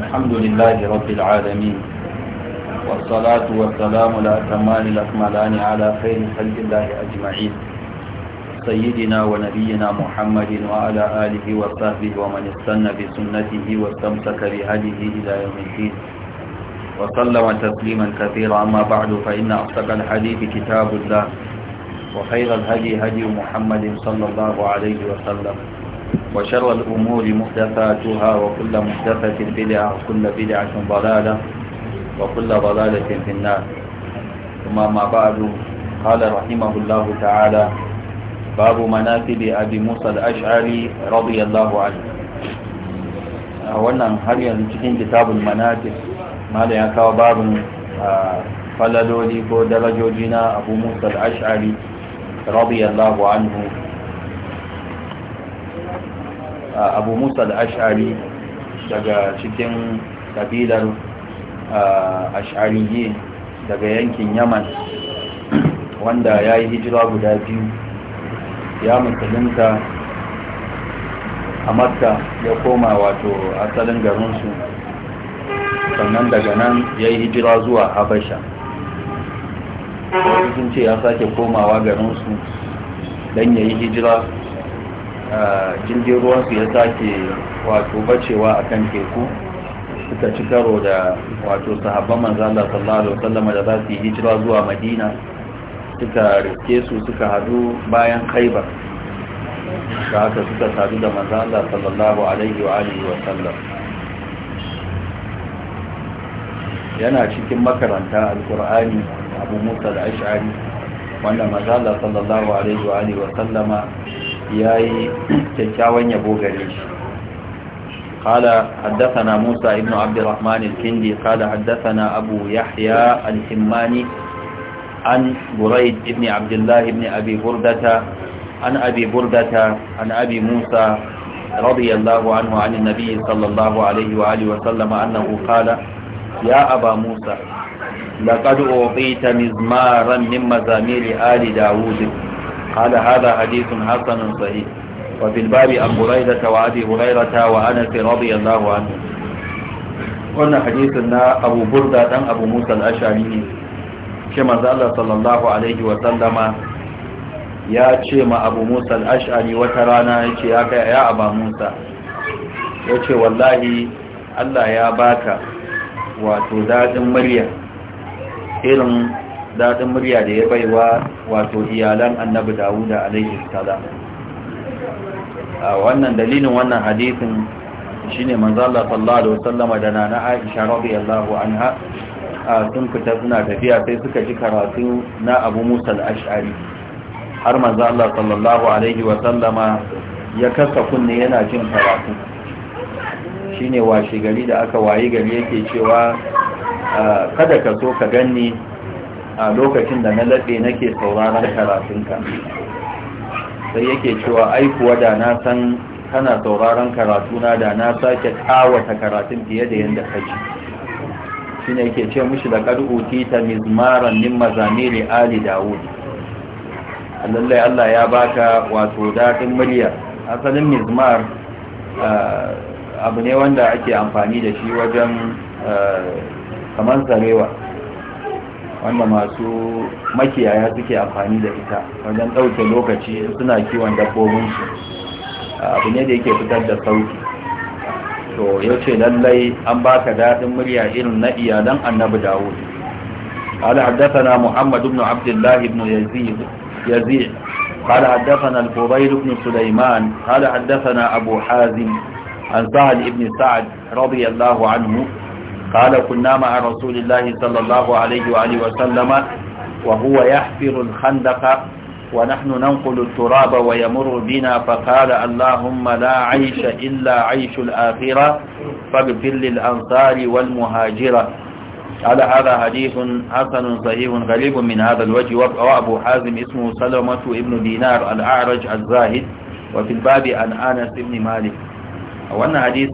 الحمد لله رب العالمين والصلاة والسلام على الأتمان الأكملان على خير خلق الله أجمعين سيدنا ونبينا محمد وعلى آله وصحبه ومن استنى بسنته واستمسك بهديه إلى يوم الدين وسلم تسليما كثيرا أما بعد فإن أصدق الحديث كتاب الله وخير الهدي هدي محمد صلى الله عليه وسلم وشر الأمور محدثاتها وكل محدثة بدعة وكل بدعة ضلالة وكل ضلالة في النار ثم ما بعد قال رحمه الله تعالى باب مناكب أبي موسى الأشعري رضي الله عنه wannan har yanzu cikin kitabun manakib malam ya kawo babin falaloli ko darajoji na abu musa al-ash'ari radiyallahu anhu abu musa da ashari daga cikin kabilar ash'ariye daga yankin yaman wanda ya yi hijira guda biyu ya musulunta a makka ya koma wato asalin garinsu sannan daga nan ya yi hijira zuwa habasha Wani sun ce ya sake komawa garinsu don ya yi hijira jirgin ruwansu ya sake wato bacewa kan teku suka ci karo da wato sahabban manzala sallallahu alaihi wasallam da za su yi hijira zuwa madina suka riske su suka hadu bayan khaibar da haka suka sadu da manzala sallallahu alaihi wa alihi wasallam yana cikin makaranta alkur'ani abu musa da ash'ari wanda manzala sallallahu alaihi wa alihi sallama. yayi yi kyakkyawan yabo gare shi kada haddasa musa ibn abdurrahman al-kindi kada haddasa na abu yahya al-himmani an buraid ibn abdullahi ibn abi burdata an abi burdata an abi musa radiyallahu anhu an sallallahu alaihi wa alihi wa sallam qala ya aba musa laqad uqita mizmaran min mazamir ali daud قال هذا حديث حسن صحيح وفي الباب عن بريدة وأبي هريرة وأنس رضي الله عنه قلنا حديثنا أبو بردة عن أبو موسى الأشعري كما زال صلى الله عليه وسلم ya ce ma abu musa al'ash'ari wata rana ya ce ya kai ya aba musa ya ce wallahi allah ya baka wato daɗin murya irin daɗin murya da ya baiwa wato iyalan annabi dawuda alaihi salam a wannan dalilin wannan hadisin shine manzo Allah sallallahu alaihi wasallam da nana Aisha radiyallahu anha sun fita suna tafiya sai suka ji karatu na Abu Musa al-Ash'ari har manzo Allah sallallahu alaihi wasallama ya kasa kunne yana jin karatu shine washe gari da aka wayi gari yake cewa kada ka so ka ganni a lokacin da na laɓe nake sauraron karatunka sai yake cewa aikuwa da na san kana sauraron karatuna da na sake kawata karatun fiye da yadda kaji shi ne yake ce mushi da ƙar'uti tita mizmaran min mazamiri ali dawud lallai allah ya baka wato daɗin murya asalin mizmar eh, abu ne wanda ake amfani da shi wajen eh, kamar zarewa wanda masu makiyaya suke amfani da ita wajen ɗauke lokaci suna kiwon dabbobinsu abu ne da yake fitar da sauki to ya ce lallai an baka daɗin murya irin na iyalan annabi dawud قال حدثنا محمد بن عبد الله بن يزيد يزيد قال حدثنا الفضيل بن سليمان قال حدثنا أبو حازم عن سعد بن سعد رضي الله عنه قال كنا مع رسول الله صلى الله عليه وآله وسلم وهو يحفر الخندق ونحن ننقل التراب ويمر بنا فقال اللهم لا عيش إلا عيش الآخرة فاغفر للأنصار والمهاجرة على هذا حديث حسن صحيح غريب من هذا الوجه وأبو حازم اسمه سلمة ابن دينار الأعرج الزاهد وفي الباب عن أنس بن مالك وأن حديث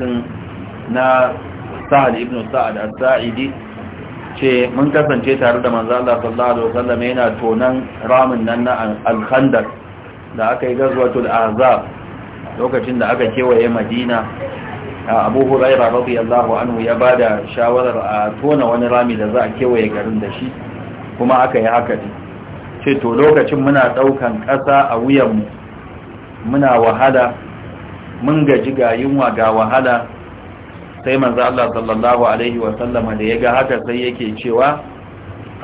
Sahad ibn sa'ad al saidi ce mun kasance tare da manzo Allah sallallahu alaihi wasallam yana tonan ramin nan na al-khandaq da aka yi gazwatul azab lokacin da aka kewaye Madina Abu Hurairah radiyallahu anhu ya ba da shawarar a tona wani rami da za a kewaye garin da shi kuma aka yi haka ne ce to lokacin muna daukan ƙasa a wuyan mu muna wahala mun gaji ga yunwa ga wahala sai manzo Allah sallallahu alaihi wa sallama da yaga haka sai yake cewa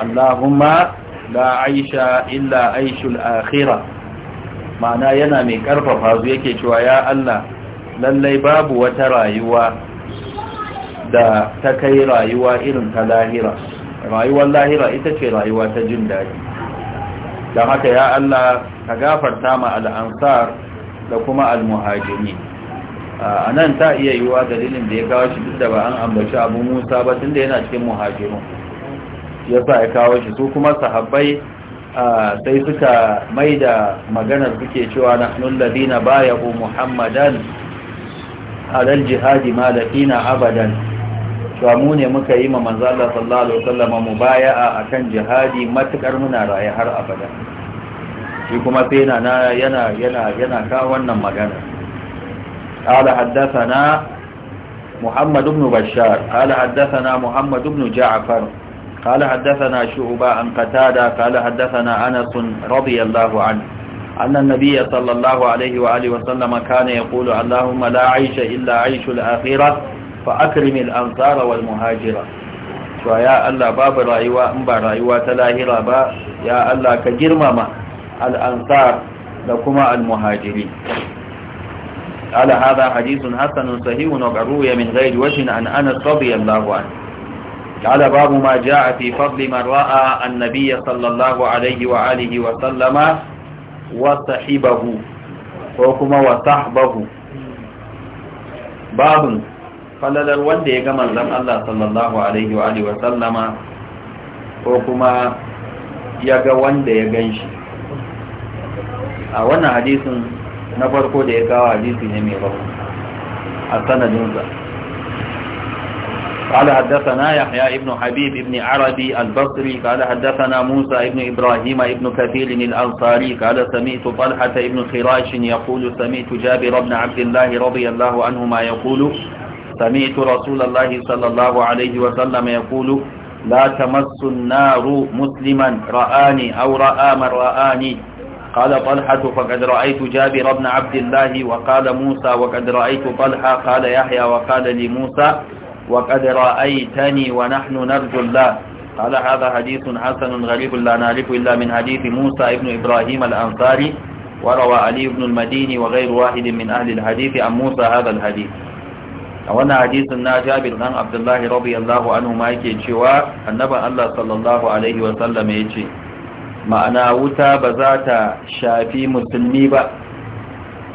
Allahumma la aisha illa aishul akhirah ma'ana yana mai karfafa su yake cewa ya Allah lallai babu wata rayuwa da ta kai rayuwa irin ta lahira rayuwar lahira ita ce rayuwa ta jin daɗi don haka ya Allah ka gafarta ma al'ansar da kuma al a nan ta iya yiwuwa dalilin da ya kawo shi duk da ba an ambaci abu musa ba tun da yana cikin muhajirun ya sa ya kawo shi su kuma sahabbai sai suka mai da maganar suke cewa na ba ya ku muhammadan alal jihadi ma fina abadan cewa mu ne muka yi ma manzala sallallahu mu baya a kan jihadi matukar muna raye har Abadan. shi kuma sai yana yana yana kawo wannan magana قال حدثنا محمد بن بشار قال حدثنا محمد بن جعفر قال حدثنا شعبة عن قتادة قال حدثنا أنس رضي الله عنه أن النبي صلى الله عليه وآله وسلم كان يقول اللهم لا عيش إلا عيش الآخرة فأكرم الأنصار والمهاجرة ويا الله باب رأيوة أنبا رأيوة تلاهرة با يا الله كجرمما الأنصار لكما المهاجرين قال هذا حديث حسن صحيح وقروي من غير وجه عن أنس رضي الله عنه قال باب ما جاء في فضل من رأى النبي صلى الله عليه وآله وسلم وصحبه وكما وصحبه باب falalar wanda ya ga manzan Allah sallallahu Alaihi wa sallama ko kuma ya ga wanda ya gan shi a wannan hadisin na farko da ya kawo hadisi ne mai rauni a sanadinsa قال حدثنا يحيى ابن حبيب ابن عربي البصري قال حدثنا موسى ابن إبراهيم ابن كثير الأنصاري قال سمعت طلحة ابن خراش يقول سمعت جابر بن عبد الله رضي الله عنهما يقول سمعت رسول الله صلى الله عليه وسلم يقول لا تمس النار مسلما رآني أو رأى من رآني قال طلحة فقد رأيت جابر بن عبد الله وقال موسى وقد رأيت طلحة قال يحيى وقال لي موسى وقد رأيتني ونحن نرجو الله قال هذا حديث حسن غريب لا نعرف إلا من حديث موسى ابن إبراهيم الأنصاري وروى علي بن المديني وغير واحد من أهل الحديث عن موسى هذا الحديث وانا حديث جابر بن عبد الله رضي الله عنه ما يكي cewa annaban Allah sallallahu alaihi wa sallam yace ma'ana wuta ba za ta shafi musulmi ba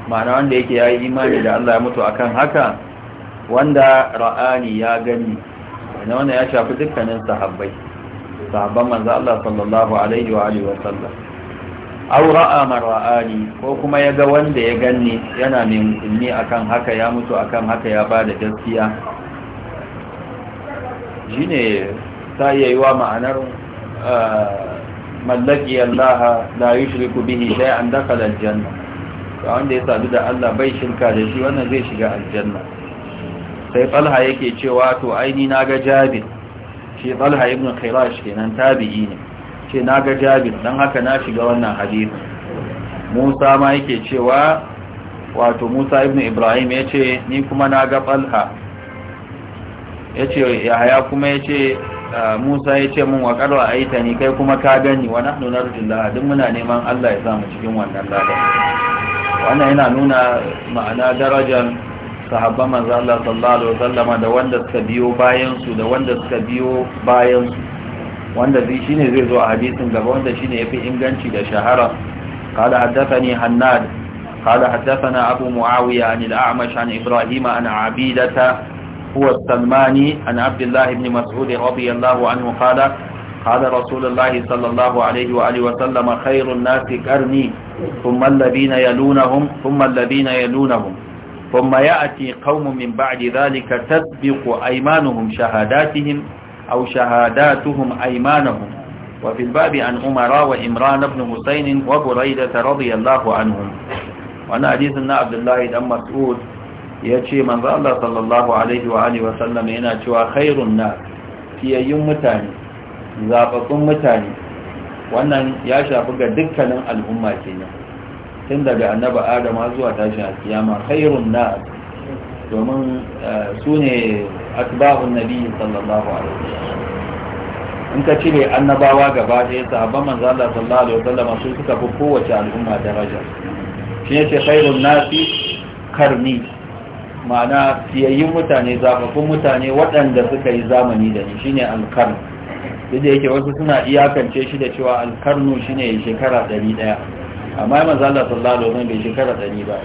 ma'ana wanda yake ya yi imani da Allah ya mutu akan haka wanda ra'ani ya gani wanda wanda ya shafi dukkanin sahabbai sahabban manzo Allah sallallahu alaihi wa alihi wasallam sallam aw ra'a man ra'ani ko kuma ya ga wanda ya ganni yana mai musulmi akan haka ya mutu akan haka ya ba da gaskiya shine ta iya yi wa ma'anar eh, Mallakiyar Allah la yushriku bihi shay'an dakhala al-janna to wanda ya sadu da Allah bai shirka da shi wannan zai shiga aljanna sai Talha yake cewa to aini naga Jabir shi Talha ibn Khirash kenan tabi'i ne ce naga Jabir dan haka na shiga wannan hadisi Musa ma yake cewa wato Musa ibn Ibrahim yace ni kuma naga Talha yace Yahaya kuma yace Musa ya ce mun wa qarwa ta ni kai kuma ka gani wa nahnu narjullah duk muna neman Allah ya sa mu cikin wannan ladan wannan yana nuna ma'ana darajar sahabban manzo Allah sallallahu alaihi wasallam da wanda suka biyo bayan su da wanda suka biyo bayan su wanda zai shine zai zo a hadisin gaba wanda shine yafi inganci da shahara قال حدثني حناد قال abu أبو معاوية عن الأعمش an إبراهيم عن عبيدة هو السلماني عن عبد الله بن مسعود رضي الله عنه قال قال رسول الله صلى الله عليه وآله وسلم خير الناس كرني ثم الذين يلونهم ثم الذين يلونهم ثم يأتي قوم من بعد ذلك تسبق أيمانهم شهاداتهم أو شهاداتهم أيمانهم وفي الباب عن عمر وإمران بن حسين وبريدة رضي الله عنهم وأنا حديثنا عبد الله بن مسعود ya ce manzo Allah sallallahu alaihi wa alihi wasallam yana cewa khairun na. fiyayyun mutane zababbun mutane wannan ya shafi ga dukkanin al'umma ke nan. tun daga annaba Adam zuwa tashin alkiyama khairun na domin eh, su ne asbahun nabi sallallahu alaihi wa sallam in ka cire annabawa gaba ɗaya sabon manzo Allah sallallahu alaihi wasallam su suka fi kowace al'umma daraja shi ne ce khairun nasi karni ma'ana fiyayyun mutane zafafun mutane waɗanda suka yi zamani da shi ne alkarnu duk da yake wasu suna iyakance shi da cewa alkarnu shine shekara 100 amma manzo Allah sallallahu alaihi wasallam bai shekara 100 ba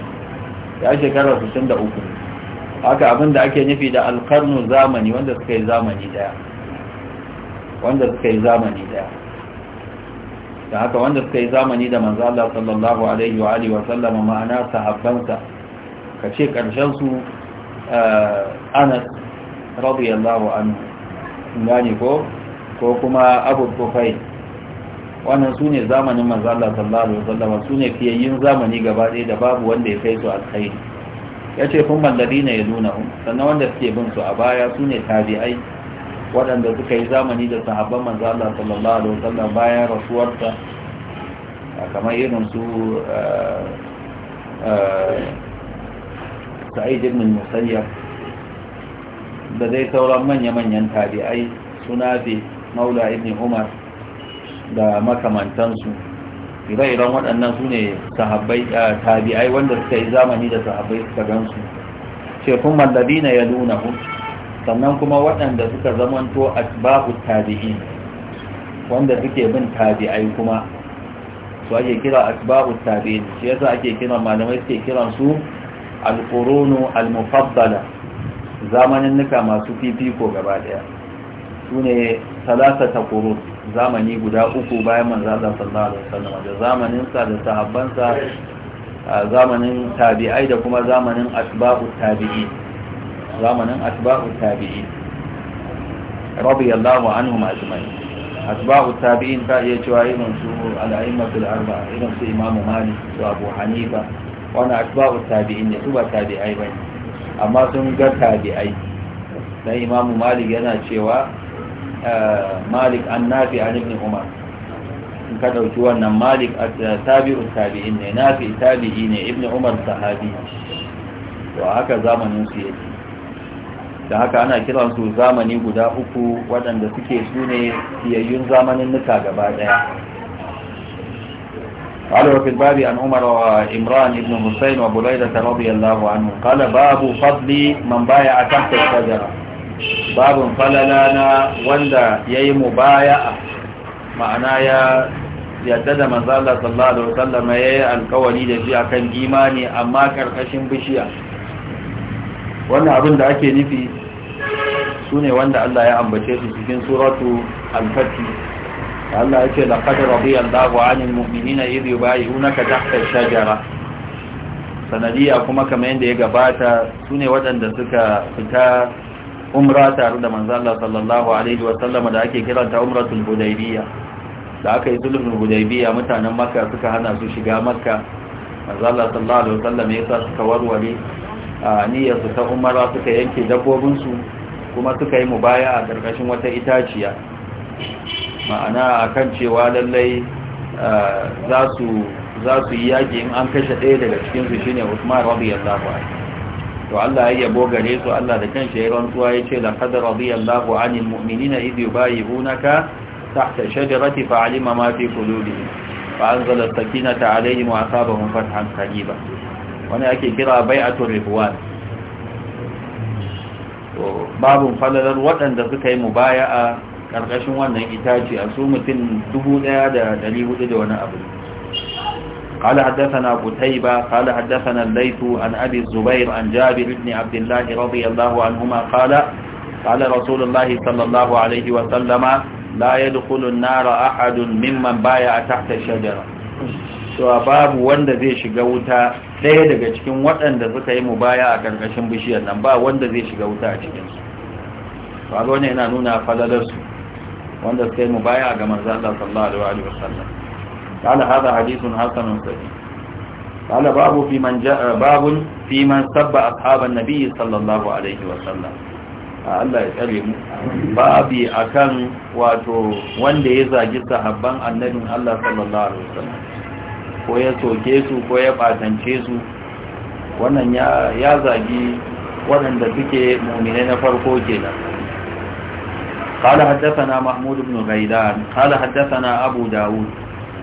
ya shekara 63 haka abinda ake nufi da alkarnu zamani wanda suka yi zamani daya wanda suka yi zamani daya da haka wanda suka yi zamani da manzo Allah sallallahu alaihi wa alihi wa sallama ma'ana sahabbansa ka ce ƙarshensu eh, anas radiyallahu anhu gani ko ko kuma abu kufai wannan su ne zamanin manzala sallallahu alaihi wasallam su ne fiyayyin zamani gaba ɗaya da babu wanda ya kai su alkhairi ya ce kun mallari ne ya nuna sannan wanda suke bin su a baya su ne tabi'ai waɗanda suka yi zamani da sahabban manzala sallallahu alaihi wasallam bayan rasuwarsa kamar irin su eh, eh, sa'id ibn musayyab da zai sauran manya-manyan tabi'ai sunabi maula ibn umar da makamantansu ire-iren waɗannan su ne tabi'ai wanda suka yi zamani da sahabbai suka gansu ce kuma ya nuna sannan kuma waɗanda suka zamanto asbabu tabi'in wanda suke bin tabi'ai kuma su ake kira asbabu tabi'in shi yasa ake kira malamai suke kiran su alƙoronu almufaddala zamanin nuka masu fifiko gaba daya su ne talatata ƙoron zamani guda uku bayan manzala sallallahu alaihi wasallam da zamaninsa da sahabbansa a zamanin tabi'ai da kuma zamanin asba'u tabi'i rabu Yallahu tabi'i radiyallahu anhum ajma'in asba'u tabi'in ta iya cewa irin su al-a'immatul arba'a irin su imamu malik su abu hanifa wani atba'u tabi'in ne su ba tabi'ai ba amma sun ga tabi'ai na imamu malik yana cewa eh, malik an nafi a ibn umar in ka dauki wannan malik eh, tabi'u tabi'in ne nafi tabi'i ne ibn umar sahabi to haka zamanin su yake da haka ana kiransu zamani guda uku waɗanda suke su ne siyayyun zamanin nuka gaba ɗaya قال وفي الباب عن عمر وإمران بن حسين وبليدة رضي الله عنه قال باب فضل من بايع تحت الشجرة باب فللانا وندا ييم بايع معناه يا yadda da manzala sallallahu alaihi wasallam ya yi alkawari da shi akan imani amma karkashin bishiya wannan abin da ake nufi sune wanda Allah ya ambace su cikin suratu al Allah yake laqad radiyallahu 'anil mu'minina idh yubay'unaka tahta ash-shajara sanadiya kuma kamar yadda ya gabata sune wadanda suka fita umra tare da manzo Allah sallallahu alaihi wa sallam da ake kiranta umratul hudaybiyya da aka yi sulhul hudaybiyya mutanen makka suka hana su shiga makka manzo Allah sallallahu alaihi wa sallam ya sa suka warware niyyar su ta umra suka yanke dabbobin su kuma suka yi mubaya a karkashin wata itaciya ma'ana akan cewa lallai eh, za su yi yaƙi in an kashe ɗaya daga cikinsu shi ne usman radiyallahu ala to Allah ya yabo gare su Allah da kan ya rantsuwa ya ce laqad radiyallahu anil mu'minina idh yubayyi'unaka tahta shajarati alima ma fi qulubihim fa'anzala as-sakinata 'alayhim wa asabahum fathan qariba wani ake kira bai'atu ridwan to babun falalar waɗanda suka yi mubaya'a ƙarƙashin wannan itace a su mutum dubu ɗaya da ɗari hudu da wani abu قال حدثنا قتيبة قال حدثنا الليث عن أبي الزبير عن جابر بن عبد الله رضي الله عنهما قال قال رسول الله صلى الله عليه وسلم لا يدخل النار أحد ممن بايع تحت الشجرة babu wanda zai shiga wuta ɗaya daga cikin waɗanda suka yi baya a ƙarƙashin bishiyar nan ba wanda zai shiga wuta a cikinsu ne yana nuna falalarsu wanda suka yi mu baya ga manzo Allah sallallahu alaihi wa sallam قال هذا حديث حسن صحيح قال babu في من جاء باب في من سب اصحاب النبي صلى الله عليه وسلم Allah ya tsare mu babi akan wato wanda ya zagi sahabban annabin Allah sallallahu alaihi wasallam ko ya soke su ko ya batance su wannan ya zagi waɗanda suke mu'mine na farko kenan قال حدثنا محمود بن غيلان قال حدثنا أبو داود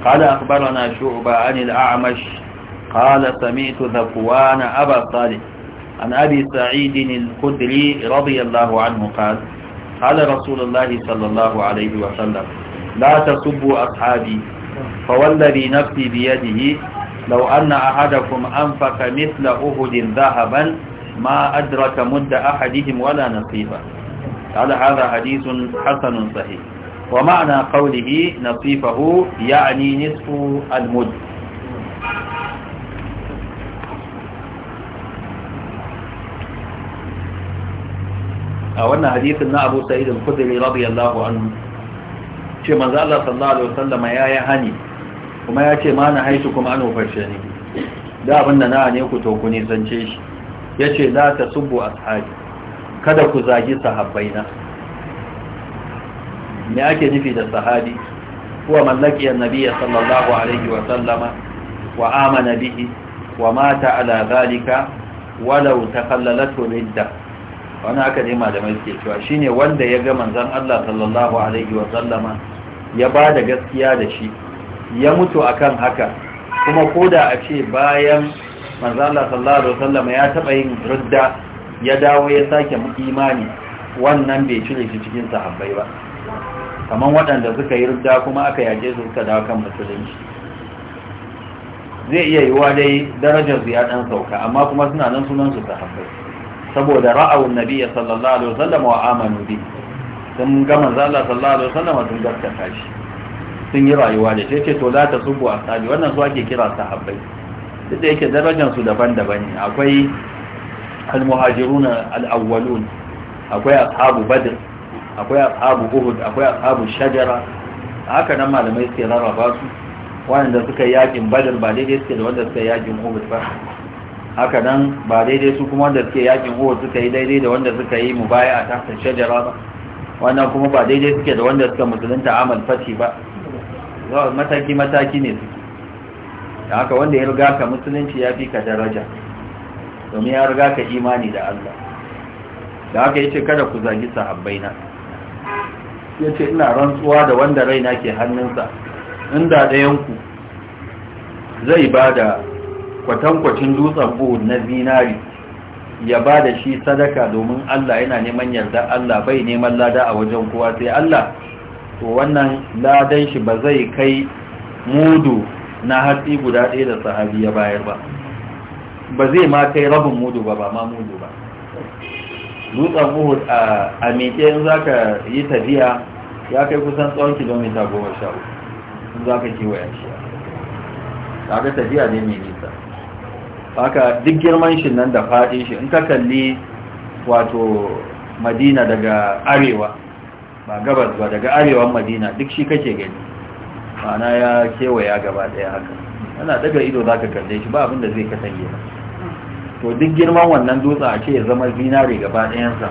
قال أخبرنا شعبة عن الأعمش قال سمعت ذكوان أبا صالح عن أبي سعيد الخدري رضي الله عنه قال قال رسول الله صلى الله عليه وسلم لا تسبوا أصحابي فوالذي نفسي بيده لو أن أحدكم أنفق مثل أهد ذهبا ما أدرك مد أحدهم ولا نصيبا قال هذا حديث حسن صحيح ومعنى قوله نصيفه يعني نصف المد أولنا حديث أن أبو سعيد الخدري رضي الله عنه ce manzo Allah sallallahu alaihi wasallam ya yi hani kuma ya ce ma na haisu kuma an ufarshe ne da abinda na ne ku to ku nisance shi yace la tasubbu ashabi kada ku zagi sahabbaina me ake nufi da sahabi huwa mallaki annabi sallallahu alaihi wa sallama wa amana bihi wa mata ala zalika walau takhallalatu ridda wani aka ne malamai suke cewa shine wanda ya ga manzon Allah sallallahu alaihi wa sallama ya ba da gaskiya da shi ya mutu akan haka kuma koda a ce bayan manzon Allah sallallahu alaihi wa sallama ya taba yin ridda ya dawo ya sake imani wannan bai cire shi cikin sahabbai ba kamar waɗanda suka yi rudda kuma aka yaje su suka dawo kan musulunci zai iya yiwa dai darajar su ya dan sauka amma kuma suna nan sunan su sahabbai saboda ra'awun nabiyyi sallallahu alaihi wasallam wa amanu bi sun ga manzo Allah sallallahu alaihi wasallam sun gaskata shi sun yi rayuwa da shi ce to za ta subu ashabi wannan su ake kira sahabbai duk da yake darajar su daban-daban ne akwai المهاجرون الأولون akwai أصحاب بدر akwai أصحاب uhud akwai أصحاب الشجرة هكذا nan malamai suke rarraba su wanda suka yakin badr ba daidai suke da wanda suka ياجم uhud ba haka nan ba daidai su kuma wanda suke yakin uhud suka yi daidai da wanda suka yi a ta shajara ba wannan kuma ba daidai suke da wanda suka musulunta amal fati ba mataki mataki ne suke haka wanda ya riga ka musulunci ya fi ka daraja domin ya riga ka imani da Allah da haka ce, kada ku zagi sahabbaina yace ina rantsuwa da wanda raina ke hannunsa inda da ku zai bada kwatankwacin dutsen Uhud na zinari ya ba da shi sadaka domin Allah yana neman yarda Allah bai neman lada a wajen kowa sai Allah to wannan ladan shi ba zai kai mudu na hatsi guda ɗaya da sahabi ya bayar ba ba zai ma kai rabin mudu ba ba ma mudu ba dutsen uhud a miƙe in za ka yi tafiya ya kai kusan tsawon kilomita goma sha uku in za ka kewaya shi ga tafiya ne mai nisa haka duk girman shi nan da faɗin shi in ka kalli wato madina daga arewa ba gabas ba daga arewan madina duk shi kake gani ma'ana ya kewaya gaba ɗaya haka ana daga ido za ka kalle shi ba abinda zai katange ba to duk girman wannan dutsen a ce ya zama zinare gaba ɗayansa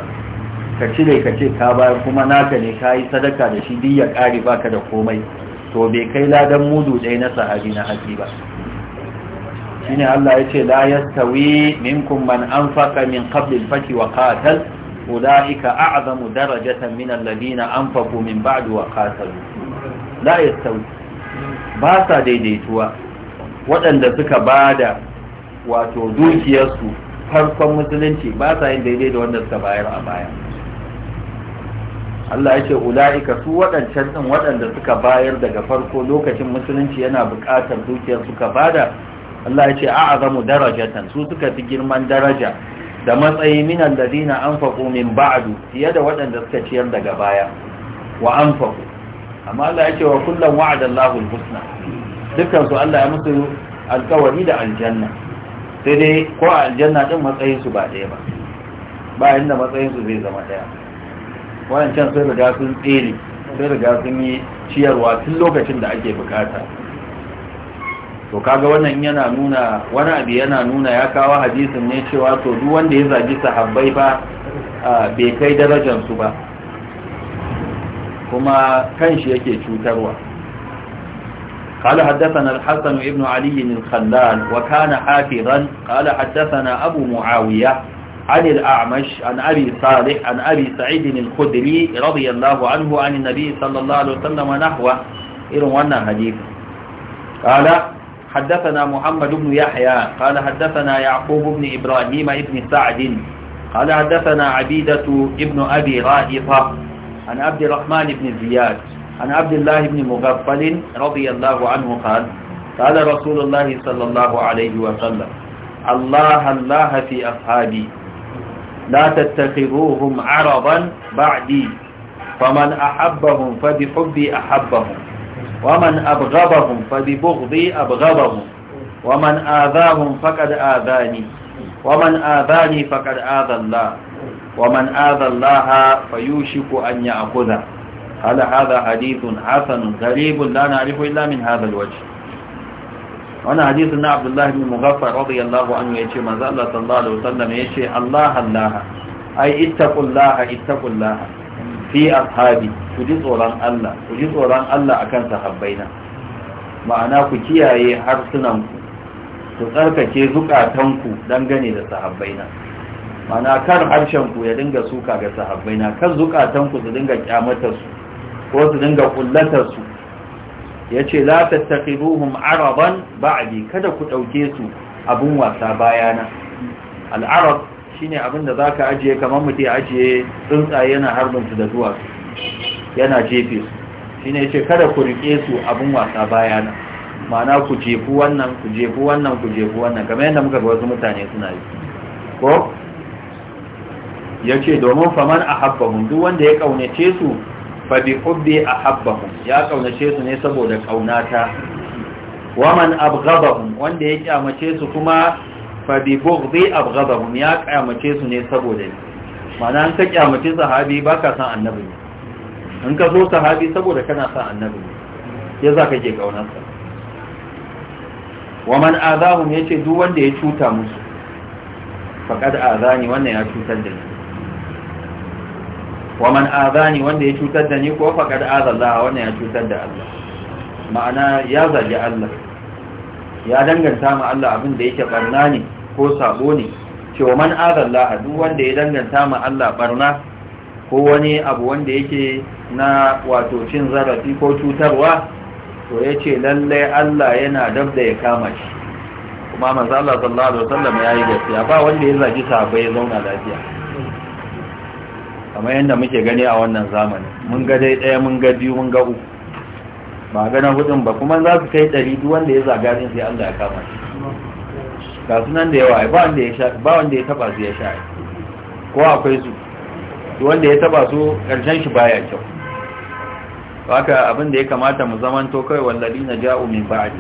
ka cire ka ce ka bayar kuma naka ne ka yi sadaka da shi duk ya baka da komai to bai kai ladan mudu ɗaya na sahabi na haƙi ba shine Allah ya ce la yastawi minkum man anfaqa min qabl al-fath wa qatal ulaika a'zamu darajatan min alladhina anfaqu min ba'd wa qatalu la yastawi ba sa daidaituwa waɗanda suka bada wato dukiyarsu farkon musulunci ba sa yin daidai da wanda suka bayar a baya Allah ya ce ula'ika su waɗancan ɗin waɗanda suka bayar daga farko lokacin musulunci yana buƙatar dukiyar suka bada Allah ya ce a'azamu darajatan su suka fi girman daraja da matsayi min alladhina anfaqu min ba'du fiye da waɗanda suka ciyar daga baya wa anfaqu amma Allah ya ce wa kullum wa'ada Allahu husna dukkan su Allah ya musu alƙawari da aljanna sai dai ko a aljanna din matsayin ba ɗaya ba ba inda matsayin su zai zama ɗaya wancan sai riga sun tsere sai riga sun yi ciyarwa tun lokacin da ake bukata to kaga wannan yana nuna wani abu yana nuna ya kawo hadisin ne cewa to duk wanda ya zagi sahabbai ba bai kai darajar su ba kuma kanshi yake cutarwa قال حدثنا الحسن بن علي الخلال وكان حافظا قال حدثنا أبو معاوية عن الأعمش عن أبي صالح عن أبي سعيد الخدري رضي الله عنه عن النبي صلى الله عليه وسلم نحوه إروانا حديث قال حدثنا محمد بن يحيى قال حدثنا يعقوب بن إبراهيم بن سعد قال حدثنا عبيدة بن أبي رائفة عن عبد الرحمن بن زياد عن عبد الله بن مغفل رضي الله عنه قال قال رسول الله صلى الله عليه وسلم الله الله في أصحابي لا تتخذوهم عرضا بعدي فمن أحبهم فبحبي أحبهم ومن أبغضهم فببغضي أبغضهم ومن آذاهم فقد آذاني ومن آذاني فقد آذى الله ومن آذى الله فيوشك أن يأخذه قال هذا حديث حسن غريب لا نعرفه إلا من هذا الوجه وانا حديث ان عبد الله بن مغفر رضي الله عنه يجي ما زال صلى الله عليه وسلم يجي الله الله أي اتقوا الله اتقوا الله fi ashabi ku ji tsoron Allah ku ji tsoron akan sahabbaina ma'ana ku kiyaye harsunanku ku tsarkake zukatanku dangane da sahabbaina ma'ana kar harshenku ya dinga suka ga sahabbaina kar zukatanku su dinga kyamatar su ko su dinga kullatarsu ya ce la ta ruhun araban ba'adi kada ku ɗauke su abin wasa bayana al'arab shi ne abin da za ka ajiye kamar mutu ya ajiye tsuntsaye yana harbinsu da zuwa yana jefe su shi ne ce kada ku riƙe su abin wasa bayana ma'ana ku jefu wannan ku jefu wannan ku jefu wannan kamar yadda muka ga wasu mutane suna yi ko ya ce domin faman a habbahun duk wanda ya ƙaunace su Fabi bi a ahabbahum ya kaunace su ne saboda kaunata waman abghadahum wanda ya kyamace su kuma fa bi bughdi abghadahum ya kyamace su ne saboda ne. mana an ka kyamace sahabi ba ka san annabi ne in ka so sahabi saboda kana san annabi ne za ka ke kaunarsa waman azahum ce duk wanda ya cuta musu faqad azani wannan ya cutar da ni wa man azani wanda ya cutar da ni ko faqad azalla wannan ya cutar da Allah ma'ana ya zalli Allah ya danganta ma Allah abin da yake barna ne ko sabo ne wa man azalla duk wanda ya danganta ma Allah barna ko wani abu wanda yake na wato cin zarafi ko cutarwa to yace lalle Allah yana dabda ya kama shi kuma manzo Allah sallallahu alaihi wasallam yayi gaskiya ba wanda ya zagi sabo ya zauna lafiya kamar yadda muke gani a wannan zamani mun ga dai ɗaya mun ga biyu mun ga uku ba ga na hudun ba kuma za su kai ɗari duk wanda ya zaga ne sai Allah ya kama shi ga sunan da yawa ba wanda ya sha ba wanda ya taba su ya sha ko akwai su wanda ya taba su karshen shi baya kyau haka abin da ya kamata mu to kai walladina ja'u min ba'di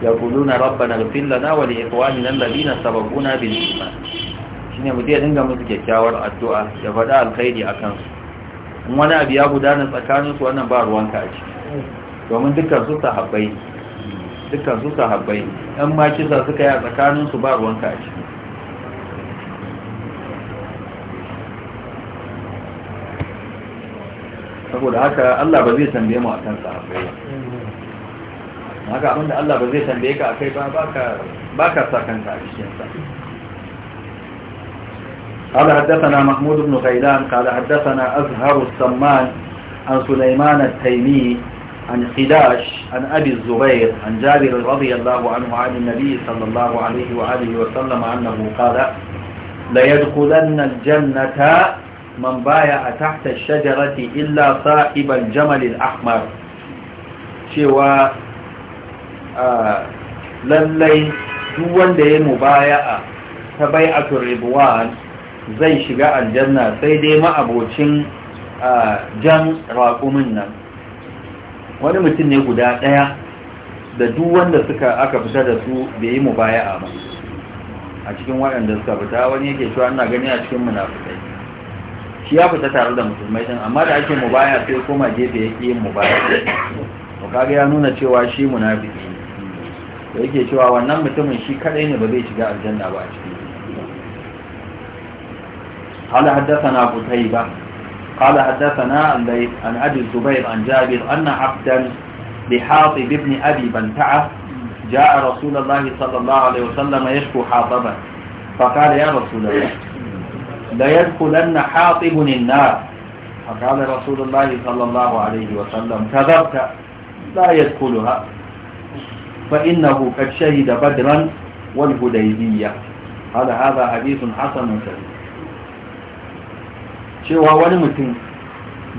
yaquluna rabbana ighfir lana wa li ikhwanina alladhina sabaquna bil iman shine mutum ya dinga musu kyakkyawar addu'a ya faɗa alkhairi a kansu in wani abu ya gudana tsakaninsu wannan ba ruwanka a ciki domin dukkan su sahabbai dukkan su sahabbai ɗan ma kisa suka yi a tsakaninsu ba ruwanka a ciki saboda haka Allah ba zai tambaye mu a kansa sahabbai haka abinda Allah ba zai tambaye ka akai ba baka baka sa kanka a cikin sa قال حدثنا محمود بن غيلان قال حدثنا أزهر السمان عن سليمان التيمي عن خداش عن أبي الزبير عن جابر رضي الله عنه عن النبي صلى الله عليه وآله وسلم أنه قال ليدخلن الجنة من بايع تحت الشجرة إلا صاحب الجمل الأحمر شوى آه، للي دون دي مبايعة فبيعة الربوان zai shiga aljanna sai dai ma'abocin jan raƙumin nan wani mutum ne guda ɗaya da duk wanda suka aka fita da su bai yi mubaya'a ba a cikin waɗanda suka fita wani yake cewa ina gani a cikin munafikai shi ya fita tare da musulmai din amma da ake mu baya sai koma gefe yake yin mubaya to kaga ya nuna cewa shi munafiki ne yake cewa wannan mutumin shi kadai ne ba zai shiga aljanna ba a cikin قال حدثنا أبو تيبة قال حدثنا عن أبي الزبير عن جابر أن عبدا لحاطب بن أبي بنتعة جاء رسول الله صلى الله عليه وسلم يشكو حاطبا فقال يا رسول الله ليدخلن حاطب النار فقال رسول الله صلى الله عليه وسلم كذبت لا يدخلها فإنه قد شهد بدرا والهديبية قال هذا حديث حسن شديد cewa wani mutum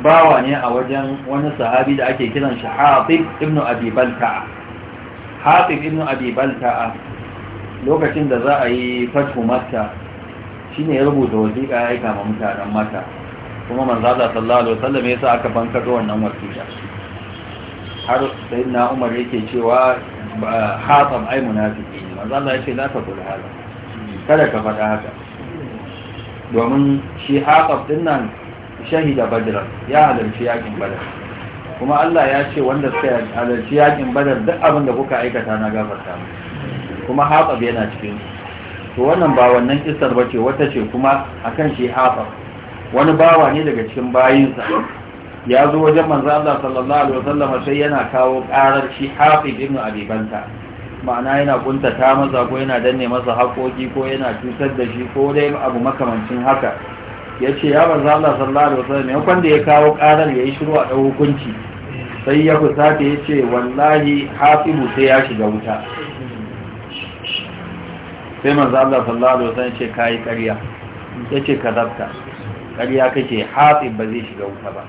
bawa ne a wajen wani sahabi da ake kiran shi hatif ibn abi balta'a ibn abi balta'a lokacin da za a yi fatu makka shine ya rubuta wasiƙa ya aika ma mutanen mata kuma manzo Allah sallallahu alaihi wasallam yasa aka bankaɗo wannan wasiƙa har sayyidina Umar yake cewa hatam ai munafiki manzo Allah yace ka taqul hada kada ka faɗa haka domin shi haƙaf ɗin nan shahida badar ya halarci yakin badar kuma Allah ya ce wanda suka halarci yakin badar duk abin da kuka aikata na gafarta kuma haƙaf yana cikin to wannan ba wannan kisar ba ce wata ce kuma akan shi haƙaf wani bawa ne daga cikin bayinsa ya zo wajen manzo Allah sallallahu alaihi wasallam sai yana kawo ƙarar shi haƙaf ibn banta. ma'ana yana kuntata masa ko yana danne masa haƙoƙi ko yana cutar da shi ko dai abu makamancin haka ya ce ya manzo Allah sallallahu alaihi wasallam ya kwanda ya kawo ƙarar ya yi shiru a ɗau hukunci sai ya fusata ya ce wallahi hafibu sai ya shiga wuta sai manzo Allah sallallahu alaihi wasallam ce kai ƙarya yace kadabta ƙarya kake hafib ba zai shiga wuta ba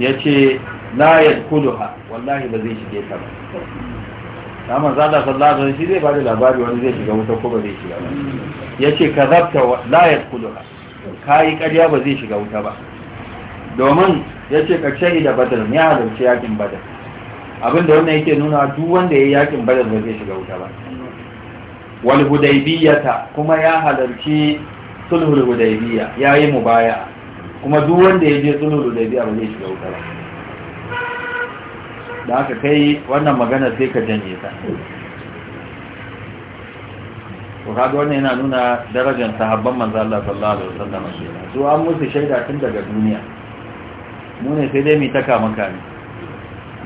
ya ce la yadkuluha wallahi ba zai shige ta ba na manzala sallah da shi zai bada labari wani zai shiga wuta ko ba zai shiga ba yace kazabta la ka kai karya ba zai shiga wuta ba domin yace ka da badar ya halarci yakin badar abinda wannan yake nuna duk wanda yi yakin badar ba zai shiga wuta ba wal hudaybiyata kuma ya halarci sulhul hudaybiya yayi mubaya kuma duk wanda yaje sulhul hudaybiya ba zai shiga wuta ba da aka kai wannan magana sai ka janye ta to kaga wannan yana nuna darajar sahabban manzo Allah sallallahu alaihi wasallam su an musu shaida tun daga duniya mu ne sai dai mu taka maka ne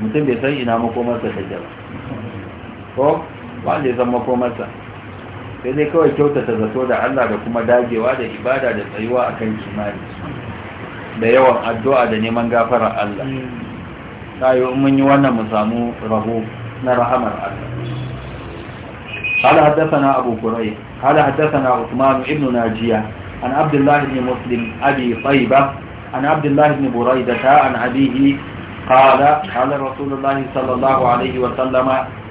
mutum bai san ina makomarsa take ba ko ba da san makomarsa sai dai kawai kyautata zato da Allah da kuma dagewa da ibada da tsayuwa akan kimani da yawan addu'a da neman gafarar Allah tayo mun yi wannan mu samu raho na rahamar Allah قال حدثنا أبو كريب قال حدثنا عثمان بن ناجية عن عبد الله بن مسلم أبي طيبة عن عبد الله بن بريدة عن أبيه قال قال رسول الله صلى الله عليه وسلم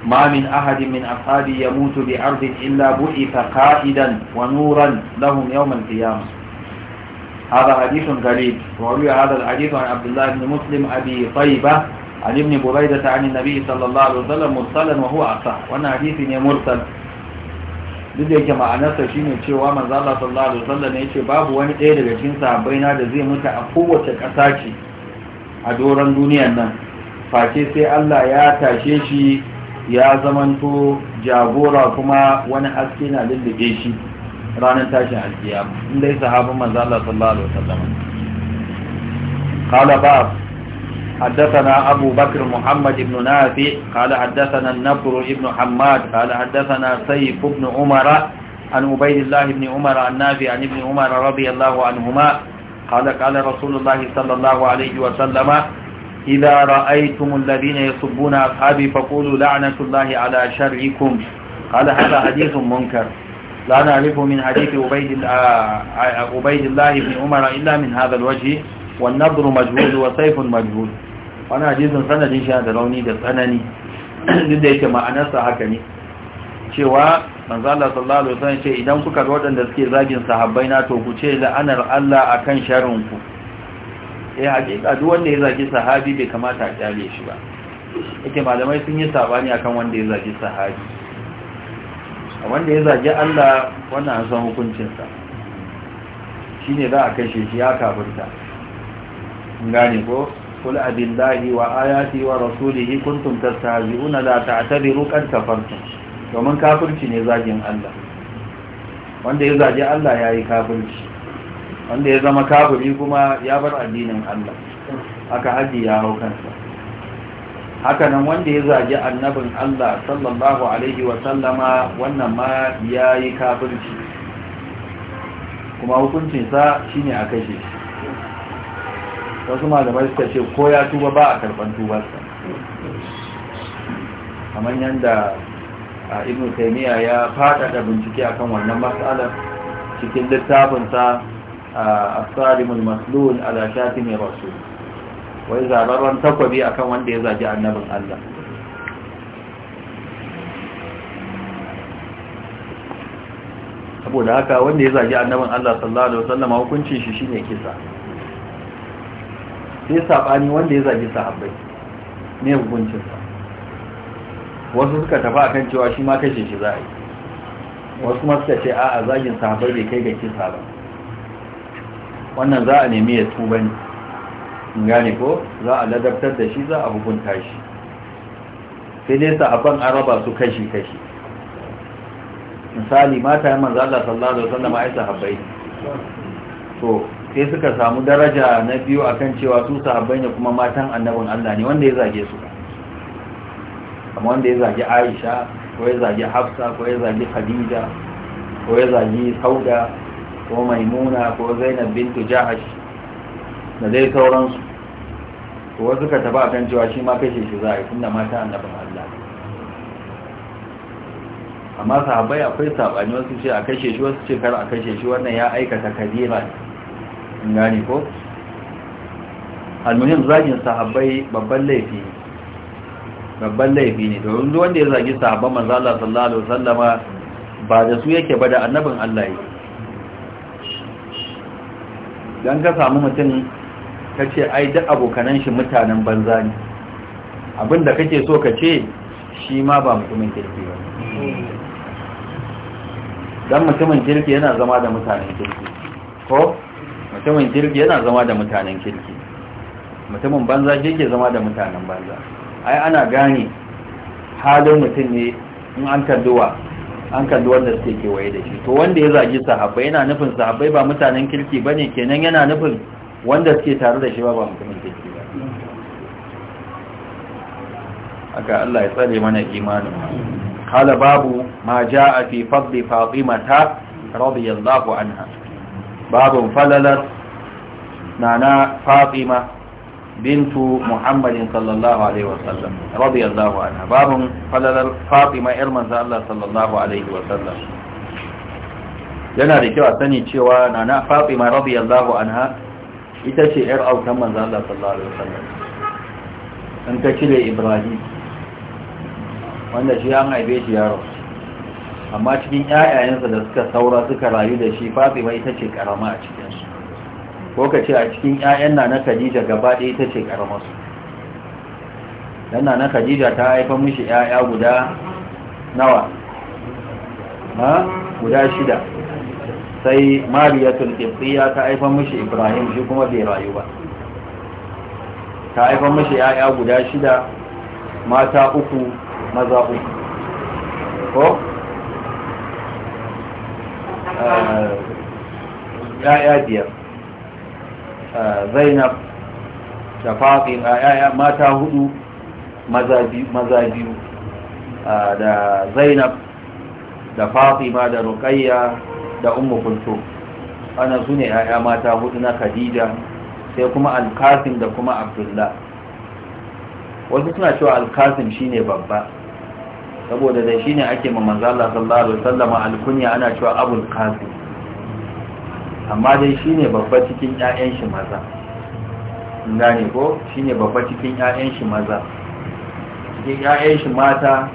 ما من أحد من أصحابي يموت بأرض إلا بعث قائدا ونورا لهم يوم القيامة هذا حديث غريب وروي هذا الحديث عن عبد الله بن مسلم أبي طيبة عن ابن بريدة عن النبي صلى الله عليه وسلم مرسلا وهو أصح وانا حديثي مرسل duk da yake ma'anarsa shi ne cewa manzala sallallahu alaihi wasallam ya ce babu wani ɗaya daga cikin sahabbai na da zai mutu a kowace ƙasa ce a doron duniyar nan face sai Allah ya tashe shi ya zamanto jagora kuma wani haske na lullube shi ranar tashin alkiyama in dai sahabin manzala sallallahu alaihi wasallam qala ba حدثنا أبو بكر محمد بن نافع قال حدثنا النبر بن حماد قال حدثنا سيف بن عمر عن عبيد الله بن عمر عن نافع عن ابن عمر رضي الله عنهما قال قال رسول الله صلى الله عليه وسلم إذا رأيتم الذين يسبون أصحابي فقولوا لعنة الله على شرعكم قال هذا حديث منكر لا نعرف من حديث عبيد آه، آه، عبيد الله بن عمر إلا من هذا الوجه والنظر مجهول وسيف مجهول wani hadisun sanadin shi da rauni da tsanani duk da yake ma'anarsa haka ne cewa manzo Allah sallallahu alaihi wasallam ce idan kuka ga wadanda suke zagin sahabbai na to ku ce la'anar Allah akan sharrin ku eh hakika duk wanda ya zagi sahabi bai kamata a kyale shi ba yake malamai sun yi sabani akan wanda ya zagi sahabi wanda ya zagi Allah wannan an san hukuncinsa shine za a kashe shi ya kafirta gane ko قل أبي الله وآياتي ورسوله كنتم تستهزئون لا تعتبروا قد كفرتم ومن كافرتي نزاجين الله wanda ya zaje Allah ya yi kafirci wanda ya zama kafiri kuma ya bar addinin Allah haka haji ya hau kansa wanda ya zaje annabin Allah sallallahu alaihi wa sallama wannan ma ya yi kafirci kuma hukuncinsa shine a kashe shi wasu malamai suka ce ko ya tuba ba a karban tubarsa kamar yadda a ibn taimiyya ya faɗaɗa bincike akan wannan matsalar cikin littafinsa a asarimul maslul ala shafi mai rasu wai zabarren takwabi akan wanda ya zaji annabin Allah saboda haka wanda ya zaji annabin Allah sallallahu alaihi wasallam hukuncin shi shine kisa sai sabani wanda ya zagi sahabbai ne hukuncinsa wasu suka tafi a kan cewa shi ma kashe shi za a yi wasu kuma suka ce a'a zagin sahabbai bai kai ga kisa ba wannan za a nemi ya tuba ne In gane ko za a ladabtar da shi za a hukunta shi sai dai sahabban an raba su kashi-kashi misali mata yi manzo Allah sallallahu alaihi wasallam ai sahabbai to sai suka samu daraja na biyu akan cewa su sahabbai ne kuma matan annabin Allah ne wanda ya zage su amma wanda ya zage Aisha ko ya zage Hafsa ko ya zage Khadija ko ya zage Sauda ko Maimuna ko Zainab bintu Jahash da dai sauransu to wasu ka tafi akan cewa shi ma kashe shi za a yi tunda mata annabin Allah amma sahabbai akwai sabani wasu ce a kashe shi wasu ce kar a kashe shi wannan ya aikata kabira ne gani ko almuhim zagin sahabbai babban laifi babban laifi ne domin duk wanda ya zagi sahabban manzo Allah sallallahu alaihi wasallama ba da su yake ba da annabin Allah yi dan ka samu mutum kace ai duk abokanan shi mutanen banza ne abinda kake so ka ce shi ma ba mutumin kirki ba dan mutumin kirki yana zama da mutanen kirki ko mutumin kirki yana zama da mutanen kirki mutumin banza shi ke zama da mutanen banza ai ana gane halin mutum ne in an kadduwa an kalli wanda suke kewaye da shi to wanda ya zagi sahabbai yana nufin sahabbai ba mutanen kirki ba ne kenan yana nufin wanda suke tare da shi ba ba mutumin kirki ba aka Allah ya tsare mana imanin kala babu ma ja'a fi fadli fatimata radiyallahu anha Babin falalar nana fatima bintu muhammadin sallallahu alaihi wasallam radiyallahu anha babun falalar fatima yar manzo Allah sallallahu alaihi wasallam yana da kyau a sani cewa nana fatima radiyallahu anha ita ce yar autan manzo Allah sallallahu alaihi wasallam an ta cire ibrahim wanda shi an haife shi yaro amma cikin ƴaƴayensa da suka saura suka rayu da shi Fatima ita ce karama a cikin su ko ka ce a cikin ƴaƴan na Khadija gaba ɗaya ita ce karama su dan na Khadija ta haifa mishi ƴaƴa guda nawa ha guda shida sai Mariyatul Qibtiyya ta haifa mishi Ibrahim shi kuma bai rayu ba ta haifa mishi ƴaƴa guda shida mata uku maza uku ko ya'ya biyar zainab da fatima ya'ya mata hudu maza biyu da zainab da fatima da rukayya da umu kulto ana su ne ya'ya mata hudu na khadija sai kuma alkasim da kuma abdullah wasu suna cewa alkasim shine babba saboda da shine ake ma manzo Allah sallallahu alaihi wasallam alkunya ana cewa abul qasim amma dai shine babba cikin ƴaƴan shi maza gane ko shine babba cikin ƴaƴan shi maza cikin ƴaƴan shi mata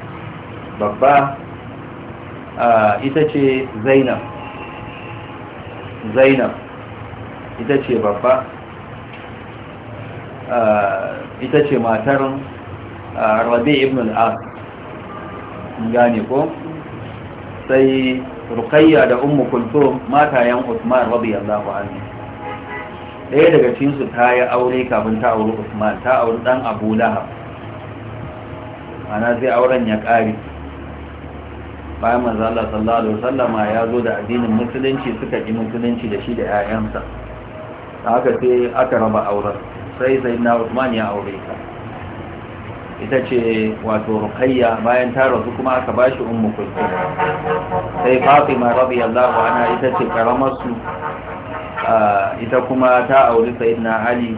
babba ita ce Zainab Zainab ita ce babba ita ce matar Rabi' ibn al-As gane ko sai Rukayya da ummu kulto matayen Usman radiyallahu anhu ɗaya daga cikin su ta yi aure kafin ta auri Usman ta auri dan Abu Lahab ana sai auren ya kare bayan manzo Allah sallallahu alaihi wasallama ya zo da addinin musulunci suka yi musulunci da shi da 'ya'yansa haka sai aka raba auren sai sai Usman ya aure ka ita ce wato ruqayya bayan ta rasu kuma aka bashi ummu kulthum sai fatima radiyallahu anha ita ce karamar su ita kuma ta auri sayyidina ali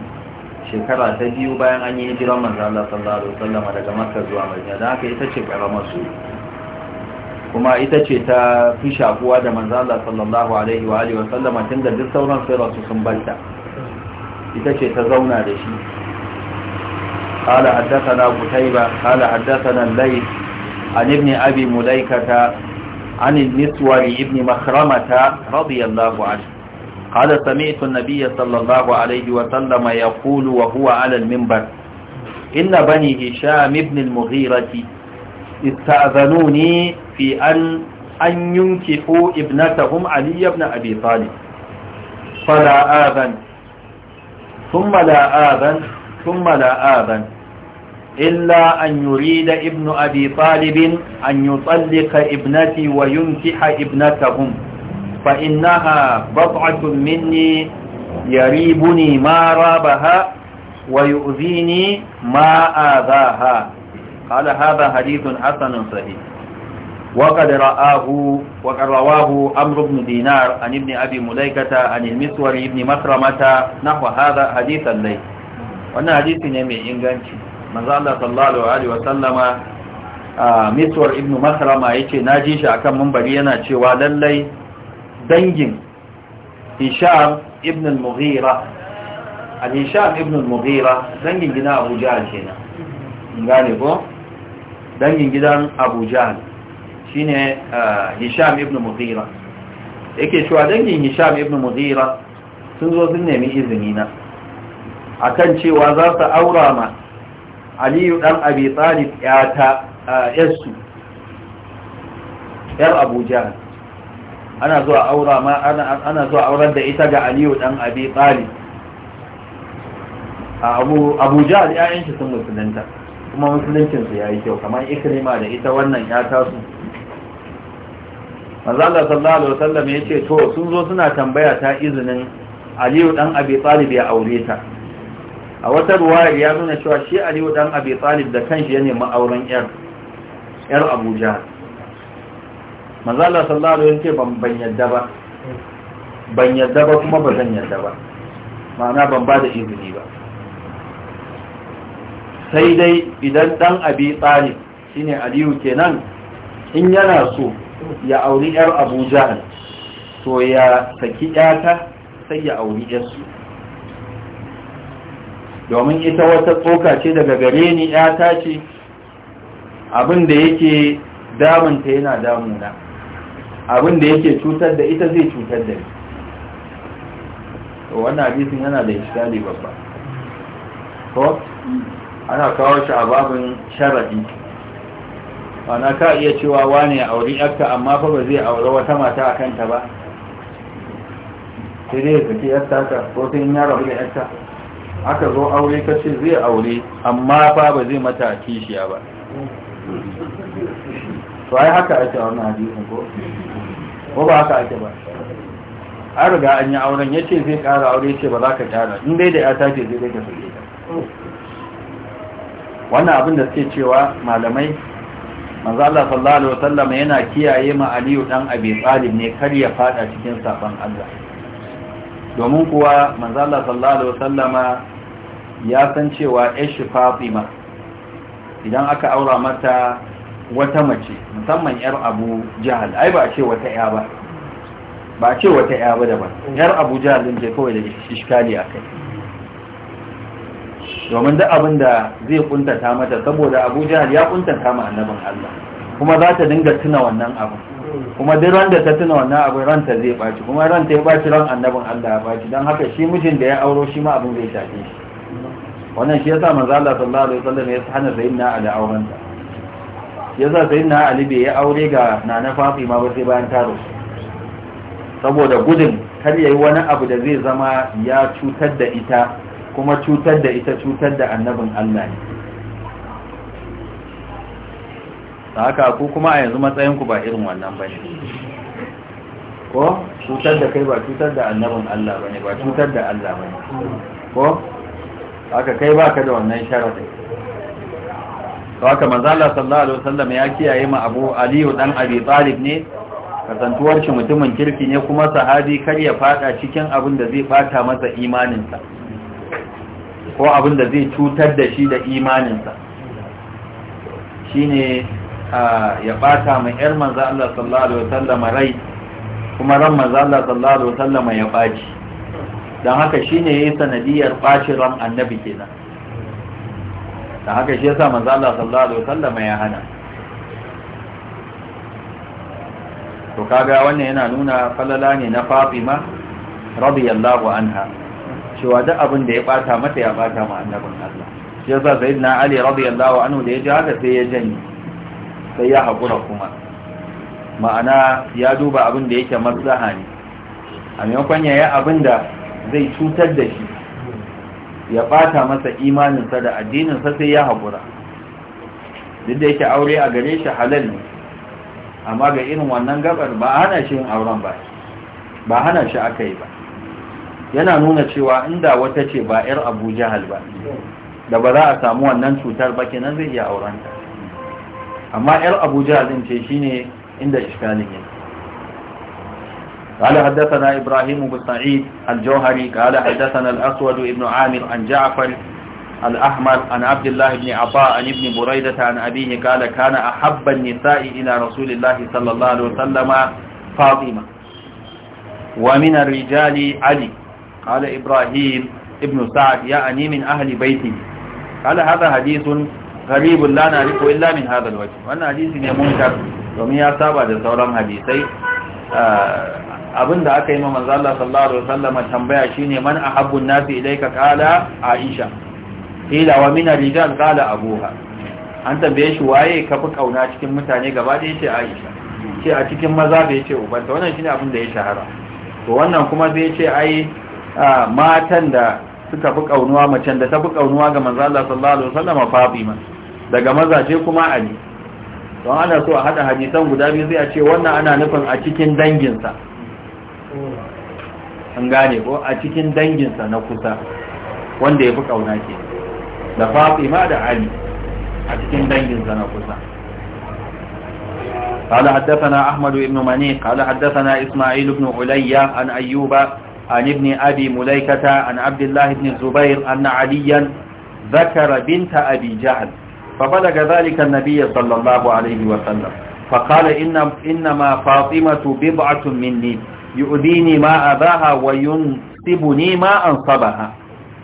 shekara ta biyu bayan an yi hijiran manzo Allah sallallahu alaihi wasallam daga Makka zuwa Madina dan haka ita ce karamar su kuma ita ce ta fi shakuwa da manzo Allah sallallahu alaihi wa alihi wasallam tunda duk sauran sai rasu sun banta ita ce ta zauna da shi قال حدثنا قتيبة قال حدثنا الليث عن ابن أبي مليكة عن المسور ابن مخرمة رضي الله عنه قال سمعت النبي صلى الله عليه وسلم يقول وهو على المنبر إن بني هشام ابن المغيرة استأذنوني في أن أن ينكحوا ابنتهم علي بن أبي طالب فلا آذن ثم لا آذن ثم لا آذن إلا أن يريد ابن أبي طالب أن يطلق ابنتي وينكح ابنتهم فإنها بضعة مني يريبني ما رابها ويؤذيني ما آذاها قال هذا حديث حسن صحيح وقد رآه وقد رواه أمر بن دينار عن ابن أبي مليكة عن المسور ابن مكرمة نحو هذا حديث الليل وأن حديث نمي إنغانشي manzo Allah sallallahu alaihi wa sallama miswar ibnu makrama yace naji shi akan munbari yana cewa lallai dangin hisham ibn al-mughira al-hisham ibn al-mughira dangin gina abu jahal kenan gane ko dangin gidan abu jahal shine hisham ibn mughira yake cewa dangin hisham ibn mughira sun zo sun nemi izini na akan cewa za su aura ma aliyu ɗan abi talib yata yarsu yar abuja ana zuwa aura ma ana zuwa aurar da ita ga aliyu ɗan abi talib abuja da yayan shi sun musulunta kuma musuluncin su yayi kyau kamar ikrima da ita wannan ya tasu manzo Allah sallallahu alaihi wasallam yace to sun zo suna tambaya ta izinin aliyu ɗan abi talib ya aure ta a wata ruwayar ya nuna cewa shi aliyu dan abi talib da kanshi ya nemi auren yar yar abuja Allah sallallahu alaihi wasallam ban ban yadda ba ban yadda ba kuma ba zan yadda ba ma'ana ban ba da izini ba sai dai idan dan abi talib shine aliyu kenan in yana so ya auri yar abuja to ya saki yata sai ya auri yarsu domin ita wata tsoka ce daga gare ni ta ce abin da yake damunta yana damuna abin da yake cutar da ita zai cutar da ni wannan hadisin yana da iskali babba ko ana kawo shi a babin sharadi ana ka iya cewa wane ya auri yarka amma fa ba zai aure wata mata a kanta ba sai dai ya saki yarta ko sai in ya rabu da yarta aka zo aure ka ce zai aure amma fa ba zai mata kishiya ba to ai haka ake a wani hadisin ko ko ba haka ake ba an riga an yi auren ya ce zai kara aure ce ba za ka kara in dai da ya tace zai dai ka sauke ta wannan abin da suke cewa malamai manzo Allah sallallahu alaihi wasallam yana kiyaye ma Aliyu dan Abi Talib ne kar ya fada cikin saban Allah domin kuwa manzala sallallahu alaihi wasallama ya san cewa ishi fatima idan aka aura mata wata mace musamman yar abu jahal ai ba ce wata ya ba ba ce wata ya ba daban yar abu jahal din ce kawai da iskali kai, domin duk abin da zai kuntata mata saboda abu jahal ya kuntata ma annabin Allah kuma za ta dinga tuna wannan abin kuma duk ran da ta tuna wannan abin ranta zai ɓaci kuma ranta ya baci ran annabin Allah ya baci don haka shi mijin da ya auro shi ma abin zai shafe shi wannan shi yasa manzo Allah sallallahu alaihi wasallam ya hana sayyidina Ali auren ta yasa sayyidina Ali bai ya aure ga nana Fatima ba sai bayan ta rasu saboda gudun kar yayi wani abu da zai zama ya cutar da ita kuma cutar da ita cutar da annabin Allah ne haka ku kuma a yanzu matsayinku ba irin wannan ba ne ko cutar da kai ba cutar da annabin Allah ba ne ba cutar da Allah ba ne ko haka kai ba ka da wannan sharaɗin to haka manzala sallallahu alaihi wasallam ya kiyaye ma Abu Ali dan Abi Talib ne kasantuwar shi mutumin kirki ne kuma sahabi kar ya fada cikin abin da zai fata masa imaninsa ko abin da zai cutar da shi da imaninsa shine ya bata mai yar manzo Allah sallallahu alaihi wasallam rai kuma ran manzo Allah sallallahu alaihi wasallam ya baci dan haka shi ne ya yi sanadiyar baci ran annabi kenan dan haka shi ya sa manzo Allah sallallahu alaihi wasallam ya hana to kaga wannan yana nuna falala ne na Fatima radiyallahu anha cewa duk abin da ya bata mata ya bata ma annabin Allah shi ya yasa sayyidina Ali radiyallahu anhu da ya ji haka sai ya janye sai ya haƙura kuma ma'ana ya duba abin da yake maslaha ne a maimakon ya yi abin da zai cutar da shi ya ɓata masa imaninsa da addininsa sai ya haƙura duk da yake aure a gare shi halal ne amma ga irin wannan gabar ba hana shi yin auren ba ba hana shi aka yi ba yana nuna cewa inda wata ce ba 'yar abu jihal ba da ba za a samu wannan cutar ba kenan zai iya aurenta amma yar abuja din ce shine inda iskalin yake قال حدثنا إبراهيم بن سعيد الجوهري قال حدثنا الأسود بن عامر عن جعفر الأحمر عن عبد الله بن عطاء عن ابن بريدة عن أبيه قال كان أحب النساء إلى رسول الله صلى الله عليه وسلم فاطمة ومن الرجال علي قال إبراهيم ابن سعد يعني من أهل بيته قال هذا حديث gharibun la na'rifu illa min hadha alwajh wannan hadisi ne munkar domin ya saba da sauran hadisai ah, abinda aka yi ma manzo Allah sallallahu alaihi wasallam tambaya shine man ahabbu nasi ilayka qala aisha qila wa min ar-rijal qala abuha an tambaye shi waye ka fi kauna cikin mutane gaba aisha ce a cikin maza da yace ubanta wannan ne abin da ya shahara to wannan kuma zai yace ai ah, matan da suka fi kaunuwa macen da ta fi kaunuwa ga manzo Allah sallallahu alaihi wasallam Fatima daga mazaje kuma ali don ana so a hada hadisan guda biyu zai a ce wannan ana nufin a cikin danginsa an gane ko a cikin danginsa na kusa wanda ya fi kauna ke da fatima da ali a cikin danginsa na kusa قال حدثنا أحمد بن مني قال حدثنا إسماعيل بن علي عن أيوب عن ابن أبي مليكة عن عبد الله بن الزبير أن عليا ذكر بنت أبي جهل فبلغ ذلك النبي صلى الله عليه وسلم فقال إن إنما فاطمة بضعة مني يؤذيني ما أذاها وينصبني ما أنصبها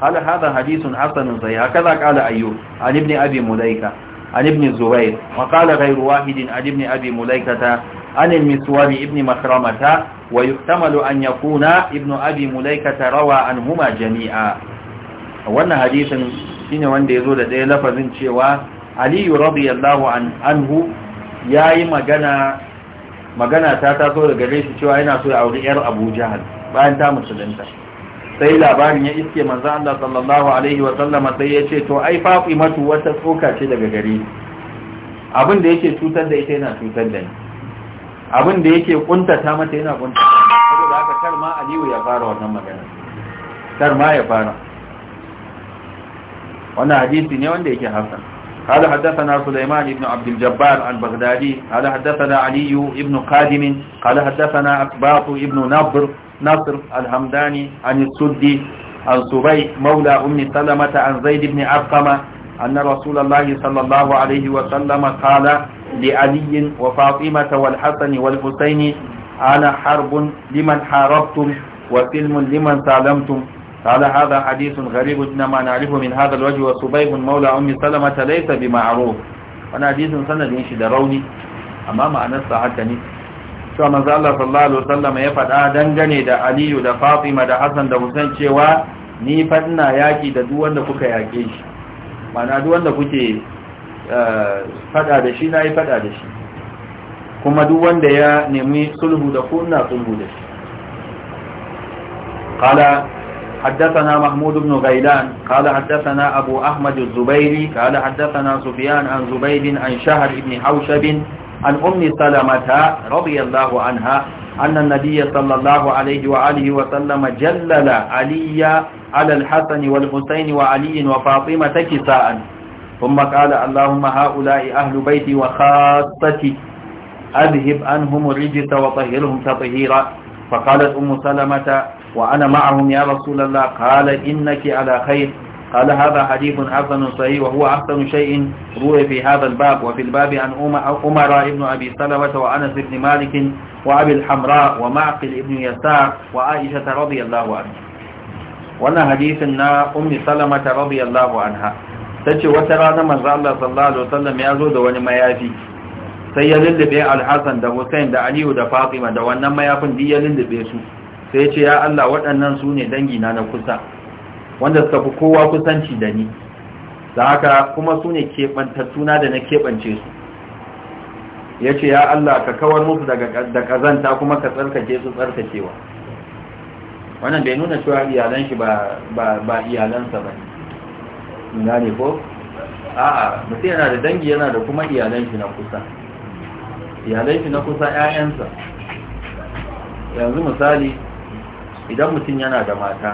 قال هذا حديث حسن صحيح هكذا قال أيوب عن ابن أبي مليكة عن ابن الزبير وقال غير واحد عن ابن أبي مليكة عن المسوار ابن مخرمة ويحتمل أن يكون ابن أبي مليكة روى عنهما جميعا wannan hadisin shine wanda yazo da ɗaya lafazin cewa aliyu radiyallahu anhu ya yi magana magana ta taso daga gare shi cewa yana so ya auri yar abu jahal bayan ta musulunta sai labarin ya iske manzo Allah sallallahu alaihi wa sallama sai ya ce to ai Fatimatu wata tsoka ce daga gare abin da yake cutar da ita yana cutar da ni abin da yake kuntata mata yana kuntata saboda haka kar ma Aliyu ya fara wannan magana kar ma ya fara wannan hadisi ne wanda yake hasan قال حدثنا سليمان بن عبد الجبار البغدادي قال حدثنا علي بن قادم قال حدثنا أكباط بن نبر نصر الهمداني عن السدي عن صبي مولى أم سلمة عن زيد بن أرقم أن رسول الله صلى الله عليه وسلم قال لعلي وفاطمة والحسن والحسين أنا حرب لمن حاربتم وسلم لمن سالمتم قال هذا حديث غريب إنما نعرفه من هذا الوجه وصبيب مولى أم سلمة ليس بمعروف وانا حديث سند ينشد روني أما معنى صحتني cewa manzo Allah sallallahu alaihi ya faɗa dangane da Aliyu da Fatima da Hassan da Hussein cewa ni fa ina yaki da duk wanda kuka yake shi mana duk kuke faɗa da shi nayi faɗa da shi kuma duk wanda ya nemi sulhu da ku ina sulhu da shi حدثنا محمود بن غيلان قال حدثنا أبو أحمد الزبيري قال حدثنا سفيان عن زبيد عن شهر بن حوشب عن أم سلمة رضي الله عنها أن النبي صلى الله عليه وآله وسلم جلل علي على الحسن والحسين وعلي وفاطمة كساء ثم قال اللهم هؤلاء أهل بيتي وخاصتي أذهب عنهم الرجس وطهرهم تطهيرا فقالت أم سلمة وأنا معهم يا رسول الله قال إنك على خير قال هذا حديث fi صحيح وهو أحسن شيء روي في هذا الباب وفي الباب عن أمر ابن أبي سلمة وأنس بن مالك وأبي الحمراء ومعقل ابن يسار وعائشة رضي الله عنها wannan hadisin na ummi salama ta radiyallahu anha tace wata rana manzo Allah sallallahu alaihi wasallam ya zo da wani mayafi sai ya lullube al-Hasan da Hussein da Aliyu da Fatima da wannan mayafin din ya lullube su sai ya ce ya Allah waɗannan su ne dangina na kusa wanda suka fi kowa kusanci da ni da haka kuma su ne keɓantattuna da na keɓance su ya ce ya Allah ka kawar musu da ƙazanta kuma ka tsarkake su tsarkakewa wannan bai nuna cewa iyalan shi ba iyalansa ba ne ko a'a mutum yana da dangi yana da kuma iyalan shi na kusa iyalan shi na kusa 'ya'yansa yanzu misali idan mutum yana da mata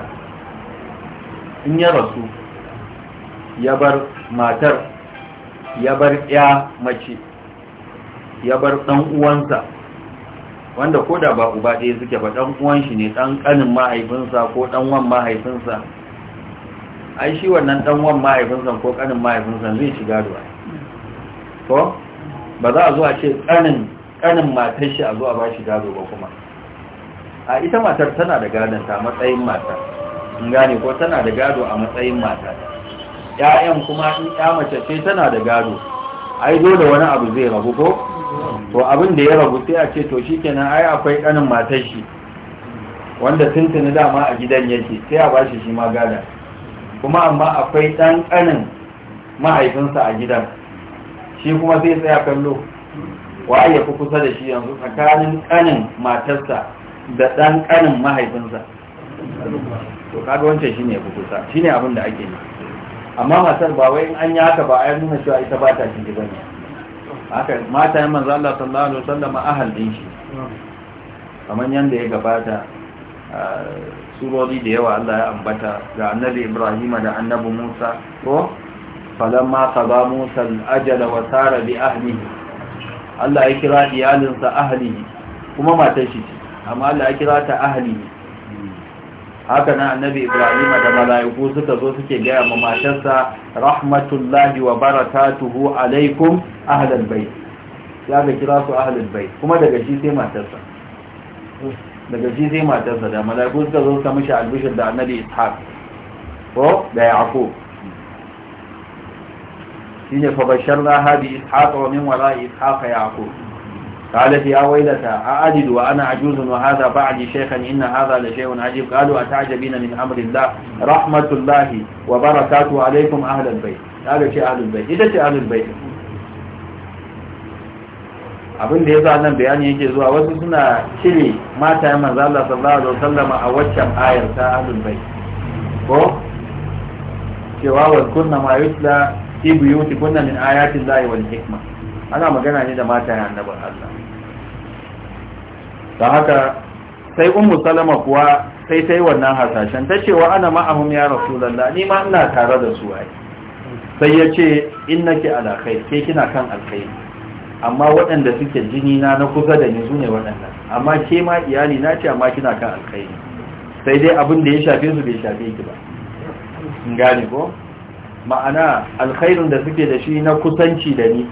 in ya rasu ya bar matar ya bar ya mace ya bar ɗan uwansa wanda ko da ba uba ɗaya suke ba ɗan uwan shi ne ɗan ƙanin mahaifinsa ko ɗan wan mahaifinsa ai shi wannan ɗan wan mahaifinsa ko ƙanin mahaifinsa zai shiga duwa ko ba za a zo a ce ƙanin ƙanin matar shi a zo a ba shi gado ba kuma a ita matar tana da gadon ta matsayin mata in gane ko tana da gado a matsayin mata Ya'yan kuma in ƴa mace ce tana da gado ai dole wani abu zai rabu ko to abin da ya rabu sai a ce to shikenan ai akwai kanin matar shi wanda tuntuni dama a gidan yake sai a bashi shi ma gada kuma amma akwai ɗan kanin mahaifinsa a gidan shi kuma sai tsaya kallo wa ya fi kusa da shi yanzu tsakanin ƙanin matarsa da ɗan ƙanin mahaifinsa to kaga wancan shine ku kusa shine abin da ake yi amma matar ba wai an yi haka ba a yi nuna cewa ita ba ta ciki bane haka mata yan manzo Allah sallallahu alaihi wasallam ahal din shi kamar yanda ya gabata surori da yawa Allah ya ambata ga annabi Ibrahim da annabi Musa ko falamma qada Musa al-ajala wa sara bi ahlihi Allah ya kira iyalinsa ahlihi kuma matar shi ce amma Allah ya kira ta ahli haka na annabi ibrahim da mala'iku suka zo suke gaya ma matarsa rahmatullahi wa barakatuhu alaikum ahlal bait ya ga kira su ahlal bait kuma daga shi sai matarsa daga shi sai matarsa da mala'iku suka zo suka mishi albishir da annabi ishaq ko da yaqub shine fa basharna hadi ishaq wa min wara ishaq yaqub قالت يا ويلتا أعدد وأنا عجوز وهذا بعدي شيخا إن هذا لشيء عجيب قالوا أتعجبين من أمر الله رحمة الله وبركاته عليكم أهل البيت قالوا شيء أهل البيت إذا شيء أهل البيت abin da ya sa nan bayani yake zuwa wasu suna cire mata ya manzo Allah sallallahu alaihi wasallam a waccan ayar ta ahlul bait ko cewa wa kunna ma yutla fi buyutikunna min ayati wal hikma ana magana ne da mata ya annabi Allah ta haka sai ummu salama kuwa sai ta yi wannan hasashen ta cewa ana ma'ahum ya rasulallah ni ma ina tare da su ai sai ya ce innaki ala khair ke kina kan alkhairi amma waɗanda suke jini na na kusa da ni su ne waɗannan amma ke ma iyali na ce amma kina kan alkhairi sai dai abin da ya shafe su bai shafe ki ba gane ko ma'ana alkhairun da suke da shi na kusanci da ni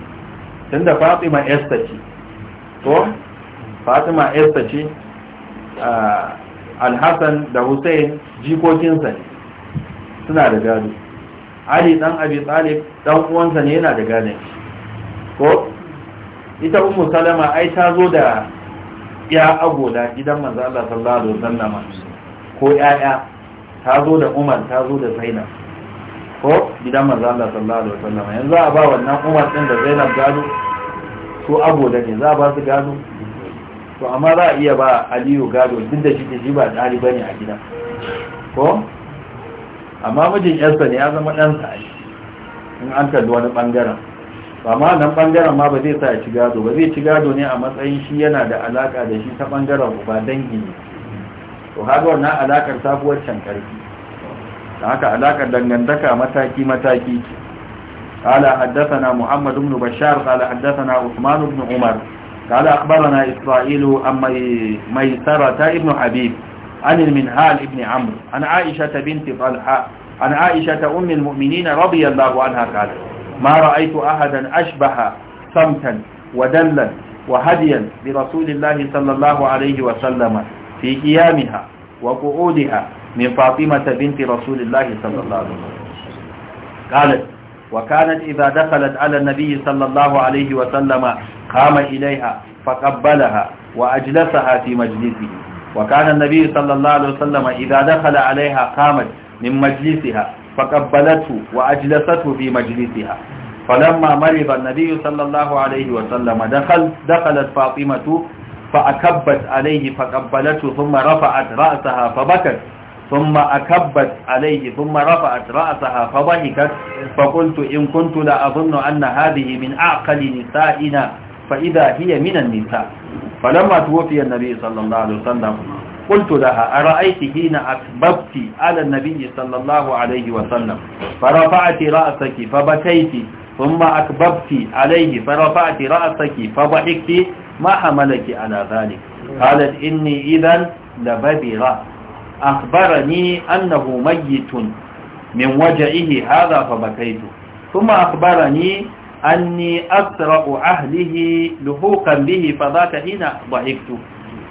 tunda Fatima Esther ce to fatima yarsa ce alhassan da hussein jikokinsa ne suna da gado ali dan abi talib dan uwansa ne yana da gado. ko ita umu salama ai ta zo da ya agoda gidan manzo Allah sallallahu alaihi wasallam ko yaya ta zo da umar ta zo da zainab ko gidan manzo Allah sallallahu alaihi wasallam yanzu a ba wannan umar din da zainab gado ko agoda ne za a ba su gado to amma za a iya ba aliyu gado duk da shi shi ba tsari ba ne a gida ko amma mijin yarsa ne ya zama ɗansa a shi in an kalli wani ɓangaren amma ma nan ɓangaren ma ba zai sa ya ci gado ba zai ci gado ne a matsayin shi yana da alaƙa da shi ta ɓangaren ba dangi ne to haka wannan alaƙar ta fi ƙarfi da haka alaƙar dangantaka mataki-mataki قال حدثنا محمد بن بشار قال حدثنا عثمان بن عمر قال أخبرنا إسرائيل أم ميسرة ابن حبيب عن المنهال ابن عمرو عن عائشة بنت طلحة عن عائشة أم المؤمنين رضي الله عنها قالت ما رأيت أحدا أشبه صمتا ودلا وهديا برسول الله صلى الله عليه وسلم في قيامها وقعودها من فاطمة بنت رسول الله صلى الله عليه وسلم قالت وكانت إذا دخلت على النبي صلى الله عليه وسلم قام إليها فقبلها وأجلسها في مجلسه وكان النبي صلى الله عليه وسلم إذا دخل عليها قامت من مجلسها فقبلته وأجلسته في مجلسها فلما مرض النبي صلى الله عليه وسلم دخل دخلت فاطمة فأكبت عليه فقبلته ثم رفعت رأسها فبكت ثم أكبت عليه ثم رفعت رأسها فضحكت فقلت إن كنت لا أظن أن هذه من أعقل نسائنا فإذا هي من النساء فلما توفي النبي صلى الله عليه وسلم قلت لها أرأيت حين أكببت على النبي صلى الله عليه وسلم فرفعت رأسك فبكيت ثم أكببت عليه فرفعت رأسك فضحكت ما حملك على ذلك قالت إني إذا لبذرة أخبرني أنه ميت من وجعه هذا فبكيت ثم أخبرني أني أسرع أهله لحوقا به فذاك حين ضحكت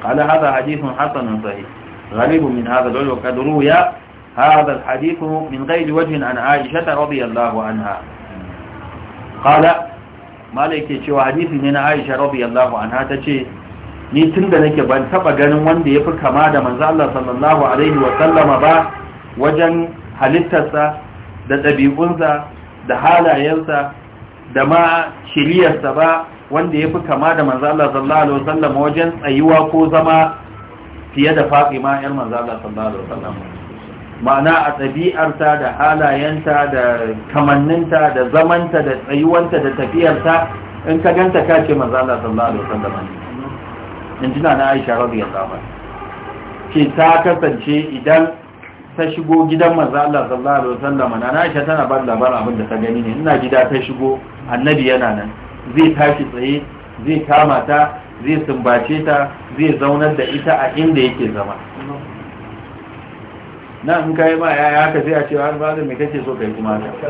قال هذا حديث حسن صحيح غريب من هذا العلو قد روي هذا الحديث من غير وجه عن عائشة رضي الله عنها قال مالك شو حديث من عائشة رضي الله عنها تشي ni tun da nake ban taba ganin wanda ya fi kama da manzo Allah sallallahu alaihi wa sallama ba wajen halittarsa da ɗabi'unsa da halayensa da ma shiriyarsa ba wanda ya fi kama da manzo Allah sallallahu alaihi wa sallama wajen tsayuwa ko zama fiye da Fatima yar manzo Allah sallallahu alaihi wa sallama ma'ana a ɗabi'arta da halayenta da kamanninta da zamanta da tsayuwanta da tafiyarta in ka ganta ka ce manzo Allah sallallahu alaihi wa sallama in ji na aisha radiyallahu anha ce ta kasance idan ta shigo gidan manzo Allah sallallahu alaihi wasallam na aisha tana ba labar abin da ta gani ne ina gida ta shigo annabi yana nan zai tashi tsaye zai kama ta zai sumbace ta zai zaunar da ita a inda yake zama na in kai ma yaya haka sai a ce an ba mai me kake so kai kuma ta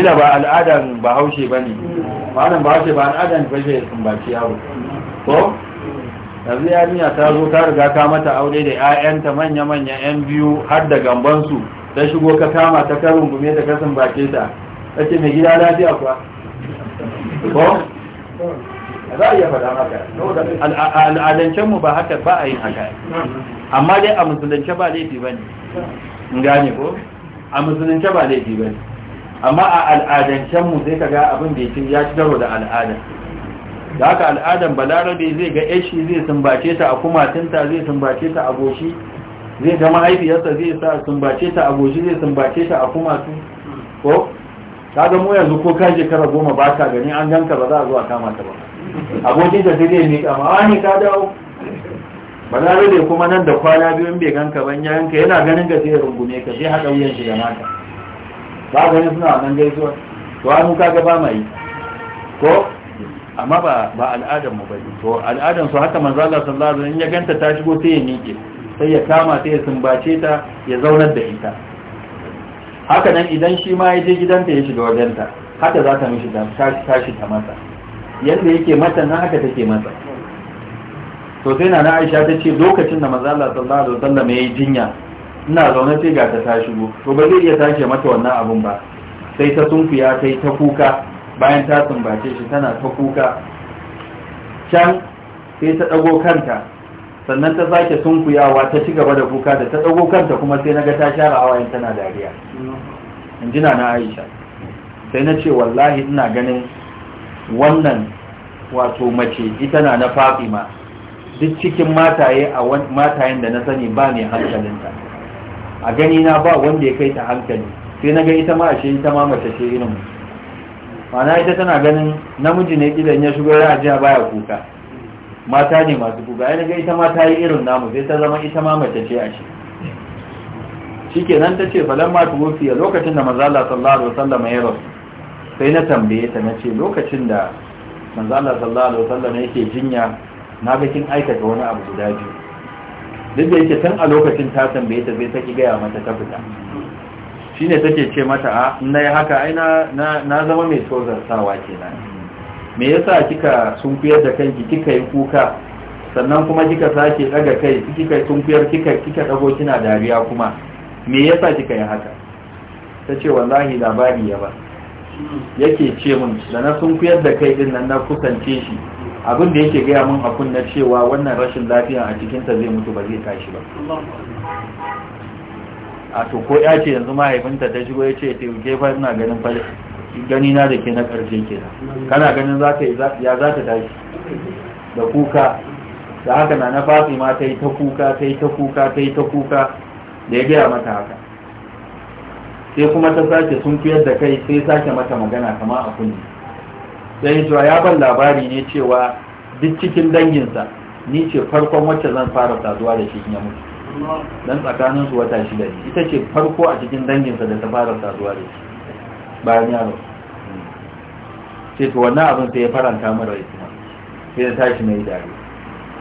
ila ba al'adan bahaushe bane ba nan bahaushe ba al'adan ba sai sumbace yaro ko yanzu yarinya ta zo ta riga ta mata aure da 'ya'yanta manya-manya 'yan biyu har da gambansu ta shigo ka kama ta karin gume ta kasan bake ta ce mai gida lafiya kuwa ko? za a iya faɗa maka mu ba haka ba a yin haka amma dai a musulunce ba laifi ba ne in gane ko? a musulunce ba laifi ba ne amma a mu sai ka ga abin da ya ci ya ci da al'ada da haka al'adan balarabe zai ga yashi zai sumbace ta a kumatinta zai sumbace ta a goshi zai ga mahaifiyarsa zai sa sumbace ta a goshi zai sumbace ta a kumatu ko kaga mu yanzu ko kaje kara goma ba ka gani an ganka ba za a zo a kama ta ba abokin ta zai ne ka ma wani ka dawo balarabe kuma nan da kwana biyu in bai ganka ban ya ganka yana ganin ka zai rungume ka sai haɗa wuyan shi da naka ba gani suna nan gaisuwa to an ka ga ba mai ko amma ba ba al'adan mu bane to al'adan su haka manzo Allah sallallahu alaihi wasallam ya ganta ta shigo sai ya miƙe sai ya kama sai ya sumbace ta ya zaunar da ita haka nan idan shi ma ya je gidanta ya shiga wajenta haka za ta mishi tashi ta masa yanda yake mata na haka take masa to sai na Aisha ta ce lokacin da manzo Allah sallallahu alaihi wasallam ya yi jinya ina zaune sai ga ta ta shigo to ba zai iya tashi mata wannan abun ba sai ta sunkuya sai ta kuka bayan ta sumbace shi tana ta kuka can sai ta ɗago kanta sannan ta sake sunkuyawa ta ci gaba da kuka da ta ɗago kanta kuma sai na ga ta share hawayen tana dariya in jina na aisha sai na ce wallahi ina ganin wannan wato mace ita na na fatima duk cikin mataye a matayen da na sani ba ne hankalinta a gani na ba wanda ya kai ta hankali sai na ga ita ma ashe ita ma mace ce irin mana ita tana ganin namiji ne idan ya shigo ya ajiya baya kuka mata ne masu kuka ya ga ita ma ta yi irin namu sai ta zama ita ma mace ce a shi nan ta ce falan ma tuwofiya lokacin da manzala sallallahu alaihi wasallam ya rasu sai na tambaye ta na ce lokacin da manzala sallallahu alaihi wasallam yake jinya na ga kin aikata wani abu guda biyu duk da yake tun a lokacin ta tambaye ta sai ta ki gaya mata ta fita shi ne take ce mata a ah, na yi haka ai na zama mai sawa ke kenan me yasa kika sunkuyar da kanki kika yi kuka sannan kuma kika sake daga kai kika sunkuyar kika kika dago kina dariya kuma me sa kika yi haka ta ce wallahi labari ya ba yake ce mun da na sunkuyar da kai din nan na kusance shi abin da yake gaya mun a kunna cewa wannan rashin lafiya a cikinta zai mutu ba zai tashi ba a to ko ya ce yanzu mahaifinta ta shigo ya ce yi fa ina ganin fa gani na da ke na ƙarshe ke kana ganin ya za ta tashi da kuka da haka na na ma ta yi ta kuka ta yi ta kuka ta yi ta kuka da ya gaya mata haka sai kuma ta sake sun fiyar da kai sai sake mata magana kama a kunne sai cewa ya ban labari ne cewa duk cikin danginsa ni ce farkon wacce zan fara saduwa da shi ya mutu dan tsakanin su wata shida ne ita ce farko a cikin danginsa da ta fara saduwa da shi bayan yaro ce to wannan abin sai ya faranta mara rai kuma sai ya tashi mai dare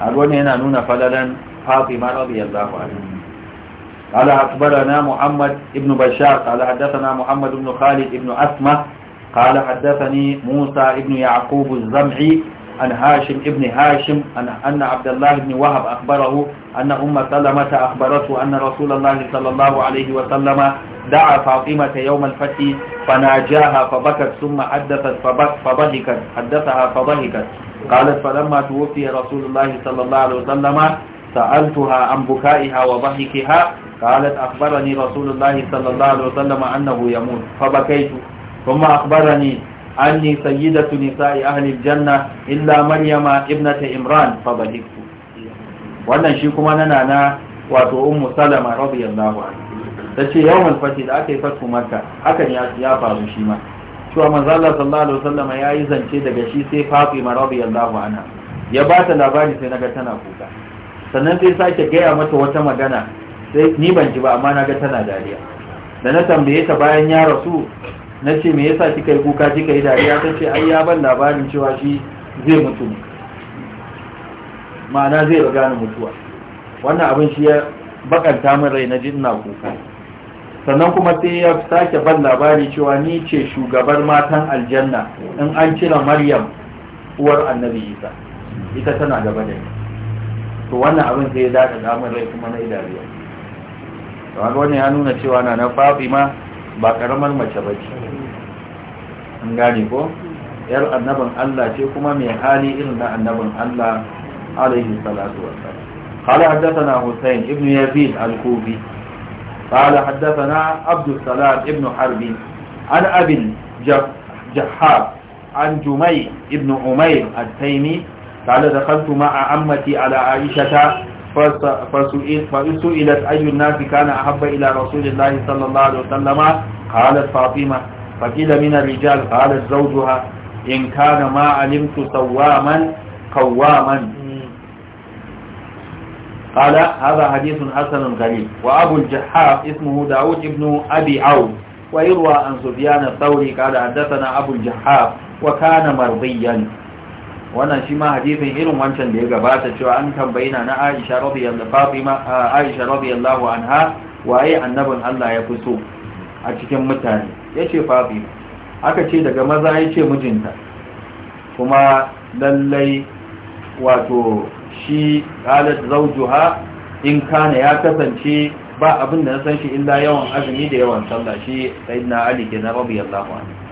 har wani yana nuna falalan fatima radiyallahu anha muhammad أخبرنا bashar ابن haddasa na muhammad محمد khalid خالد asma أسمة قال حدثني موسى ابن يعقوب الزمعي عن هاشم ابن هاشم أن عبد الله بن وهب أخبره أن أم سلمة أخبرته أن رسول الله صلى الله عليه وسلم دعا فاطمة يوم الفتح فناجاها فبكت ثم حدثت فضحكت حدثها فضحكت قالت فلما توفي رسول الله صلى الله عليه وسلم سألتها عن بكائها وضحكها قالت أخبرني رسول الله صلى الله عليه وسلم أنه يموت فبكيت ثم أخبرني anni sayyidatu nisa'i ahli janna illa maryama ibnata imran fa wannan shi kuma nana na wato ummu salama radiyallahu anha tace yawan fati da aka yi fatu makka hakan ya ya faru shi ma cewa manzo Allah sallallahu alaihi wasallam yayi zance daga shi sai Fatima radiyallahu anha ya ba ta labari sai naga tana kuka sannan sai sake gaya mata wata magana sai ni ban ji ba amma naga tana dariya da na tambaye ta bayan ya rasu na ce me yasa kika yi kuka kika yi dariya ta ce ai ya ban labarin cewa shi zai mutu ne ma'ana zai riga ni mutuwa wannan abin shi ya bakanta min rai na ji ina kuka sannan kuma sai ya sake ban labari cewa ni ce shugabar matan aljanna in an cire maryam uwar annabi isa ita tana gaba da ni to wannan abin sai ya daɗa damar rai kuma na idariya to wannan ya nuna cewa na na ma. ba ƙaramar mace ba ce an gani ko yar annabin allah ce kuma mai hali irin na annabin allah alaihi salatu wasu kala haddasa hussein ibn yazid al-kubi kala haddasa na abdulsalam ibn harbi an abin jahar an jumai ibn umair al-taimi kala da kaltu ma'a ammati ala aisha ta فسئلت أي الناس كان أحب إلى رسول الله صلى الله عليه وسلم قالت فاطمة فقيل من الرجال قالت زوجها إن كان ما علمت سواما قواما قال هذا حديث حسن غريب وأبو الجحاف اسمه داود بن أبي عوض ويروى عن سفيان الثوري قال حدثنا أبو الجحاف وكان مرضيا wannan shi ma hadisin irin wancan da ya gabata cewa an tambayi na Aisha radiyallahu Fatima Aisha radiyallahu anha waye annabin Allah ya fi so a cikin mutane yace Fatima aka ce daga maza yace mijinta kuma lallai wato shi qalat zawjuha in kana ya kasance ba abin da na san shi illa yawan azumi da yawan sallah shi sayyidina Ali kenan radiyallahu anhu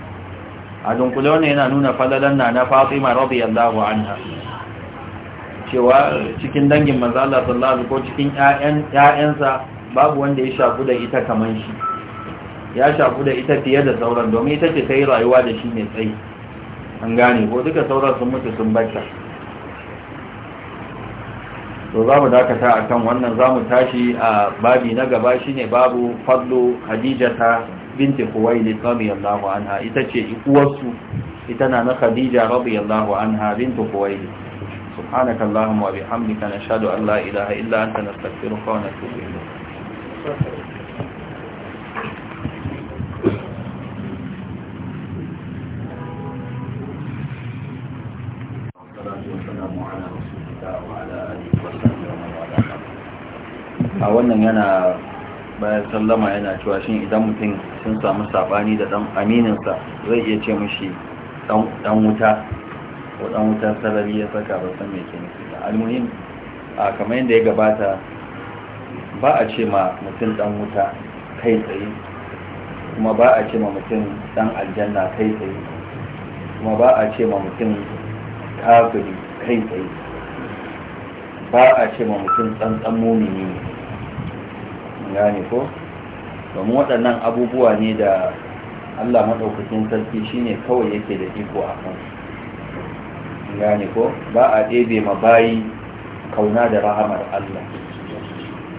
a dunkule wannan yana nuna falalan na na fatima radiyallahu anha cewa cikin dangin manzo Allah sallallahu alaihi ko cikin ƴaƴan ƴaƴansa babu wanda ya shafu da ita kaman shi ya shafu da ita fiye da sauran domin ita ce ta yi rayuwa da shi mai tsayi an gane ko duka sauran sun mutu sun bacca to za mu dakata a kan wannan za mu tashi a babi na gaba shine babu fadlo hadijata بنت خويلد رضي الله عنها اتتشي اقوصو اتنا نخديجة رضي الله عنها بنت خويلد سبحانك اللهم وبحمدك نشهد أن لا إله إلا أنت نستكفر قونا تبينه wannan yana bayan sallama yana cewa shin idan mutum sun samu sabani da dan amininsa zai iya ce mishi dan wuta ko dan wuta sarari ya saka ba san me ke nufi da almuhim a kamar yadda ya gabata ba a ce ma mutum dan wuta kai tsaye kuma ba a ce ma mutum dan aljanna kai tsaye kuma ba a ce ma mutum kafiri kai tsaye ba a ce ma mutum tsantsan mumini gane ko domin waɗannan abubuwa ne da Allah maɗaukakin sarki ne kawai yake da iko a kan gane ko ba a ɗebe ma bayi kauna da rahamar Allah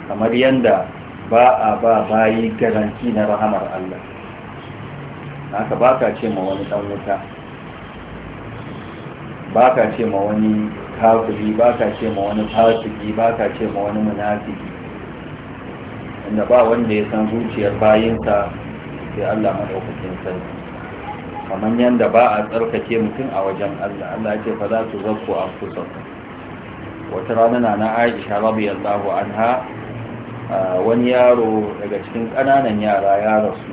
kamar yadda ba a ba bayi garanti na rahamar Allah haka ba ka ce ma wani ɗan wuta ba ka ce ma wani kafiri ba ka ce ma wani fasiki ba ka ce ma wani munafiki inda ba wanda ya san zuciyar bayinsa sai Allah madaukakin sai kamar yadda ba a tsarkake mutum a wajen Allah Allah ce fa za su zakku a kusa wata rana na Aisha radiyallahu anha wani yaro daga cikin ƙananan yara ya rasu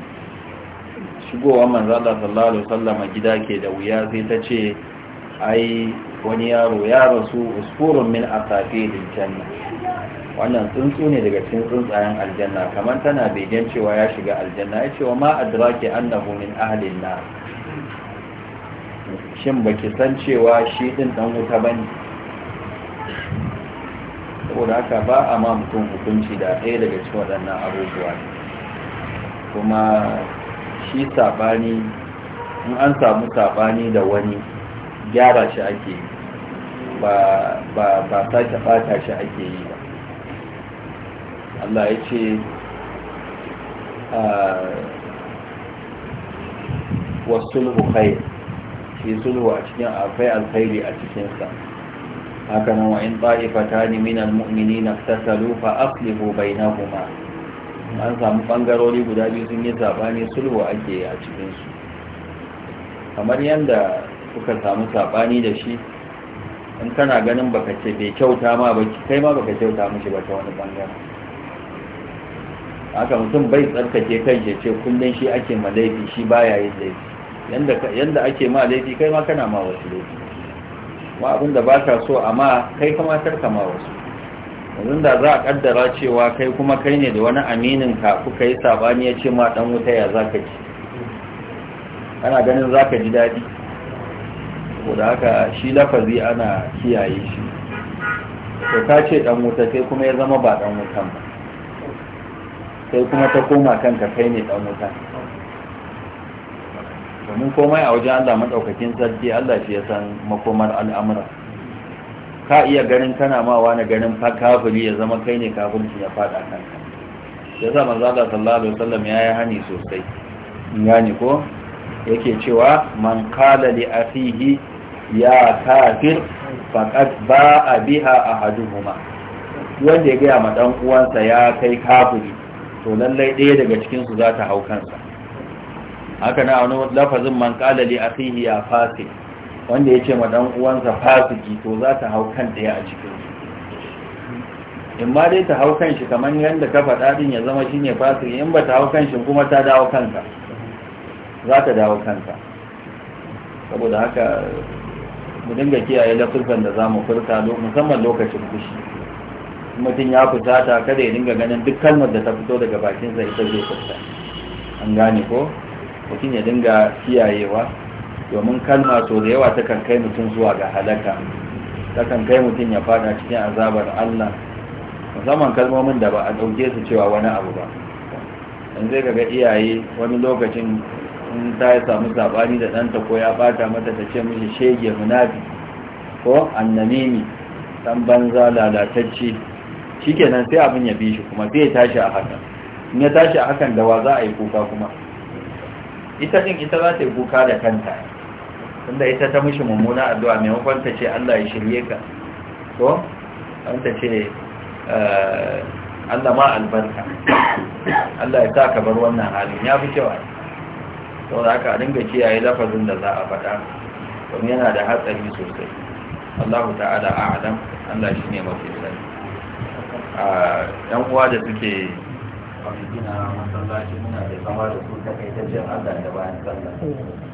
shigowar manzala sallallahu alaihi wasallam gida ke da wuya sai ta ce ai wani yaro ya rasu usfurun min safe din wannan tsuntsu ne daga cikin tsuntsayen aljanna kamar tana begen cewa ya shiga aljanna ya cewa ma adraki annahu min ahalin na shin baki san cewa shi din dan wuta bane saboda haka ba a ma mutum hukunci da ɗaya daga cikin waɗannan abubuwa kuma shi saɓani in an samu saɓani da wani gyara shi ake yi ba sake ɓata shi ake yi ba Allah ya ce ah, sulhu khair shi sulhu a cikin akwai alkhairi a cikinsa haka nan wa'in ta'ifatani minal mu'minina tasalu fa aslihu bainahuma an samu bangarori guda biyu sun yi sabani sulhu ake a cikin kamar yadda kuka samu sabani da shi in kana ganin baka ce bai kyauta ma ba kai ma baka kyauta mashi ba ta wani ɓangare. haka mutum bai tsarkake kai ya ce kullum shi ake ma laifi shi baya yin laifi yanda ake ma laifi kai ma kana ma wasu laifi ma abin da ba ka so amma kai kama karka ma wasu yanzu da za a kaddara cewa kai kuma kai ne da wani aminin ka kuka yi sabani ya ce ma dan wuta ya za ka ci ana ganin za ka ji daɗi ko da haka shi lafazi ana kiyaye shi to ka ce dan wuta kai kuma ya zama ba dan wutan ba sai kuma ta koma kanka kai ne dan wuta domin komai a wajen Allah madaukakin sarki Allah shi ya san makomar al'amura ka iya ganin kana ma wani ganin kafiri ya zama kai ne kafirci ya fada kanka ya sa manzo Allah sallallahu alaihi wasallam ya yi hani sosai gani ko yake cewa man qala li akhihi ya kafir faqad ba'a biha ahaduhuma wanda ya ga ma dan uwansa ya kai kafiri to lallai ɗaya daga cikinsu za ta hau kansa haka na wani lafazin man ƙalali a fihi ya fasi wanda ya ce ma ɗan uwansa fasiki to za ta hau kan ɗaya a cikinsu in ma dai ta hau kan shi kamar yadda ka faɗa ya zama shi ne fasiki in ba ta hau kan shi kuma ta dawo kanka za ta dawo kanka saboda haka mu dinga kiyaye lafurfan da za mu furta musamman lokacin kushi. mutum ya fusata kada ya dinga ganin duk kalmar da ta fito daga bakin bakinsa ita zai fita an gane ko mutum ya dinga kiyayewa domin kalma to da yawa ta kan kai mutum zuwa ga halaka kan kai mutum ya fada cikin azabar Allah musamman kalmomin da ba a ɗauke su cewa wani abu ba in zai ga iyaye wani lokacin in ta ya samu sabani da ɗanta ko ya bata mata ta ce mishi shege munafi ko annamimi dan banza lalatacce shi nan sai abin ya bi shi kuma sai ya tashi a hakan in ya tashi a hakan da wa za a yi kuka kuma ita din ita za ta yi kuka da kanta tunda ita ta mishi mummuna addu'a maimakon ta ce Allah ya shirye ka to an ta ce eh, Allah ma albarka Allah ya sa ka bar wannan halin ya fi cewa to da aka dinga kiyaye lafazin da za a faɗa domin yana da hatsari sosai Allahu ta'ala a'lam Allah shi ne mafi sani yan uwa da suke cikin masallaci muna da kama da su takaitaccen allah da bayan sallah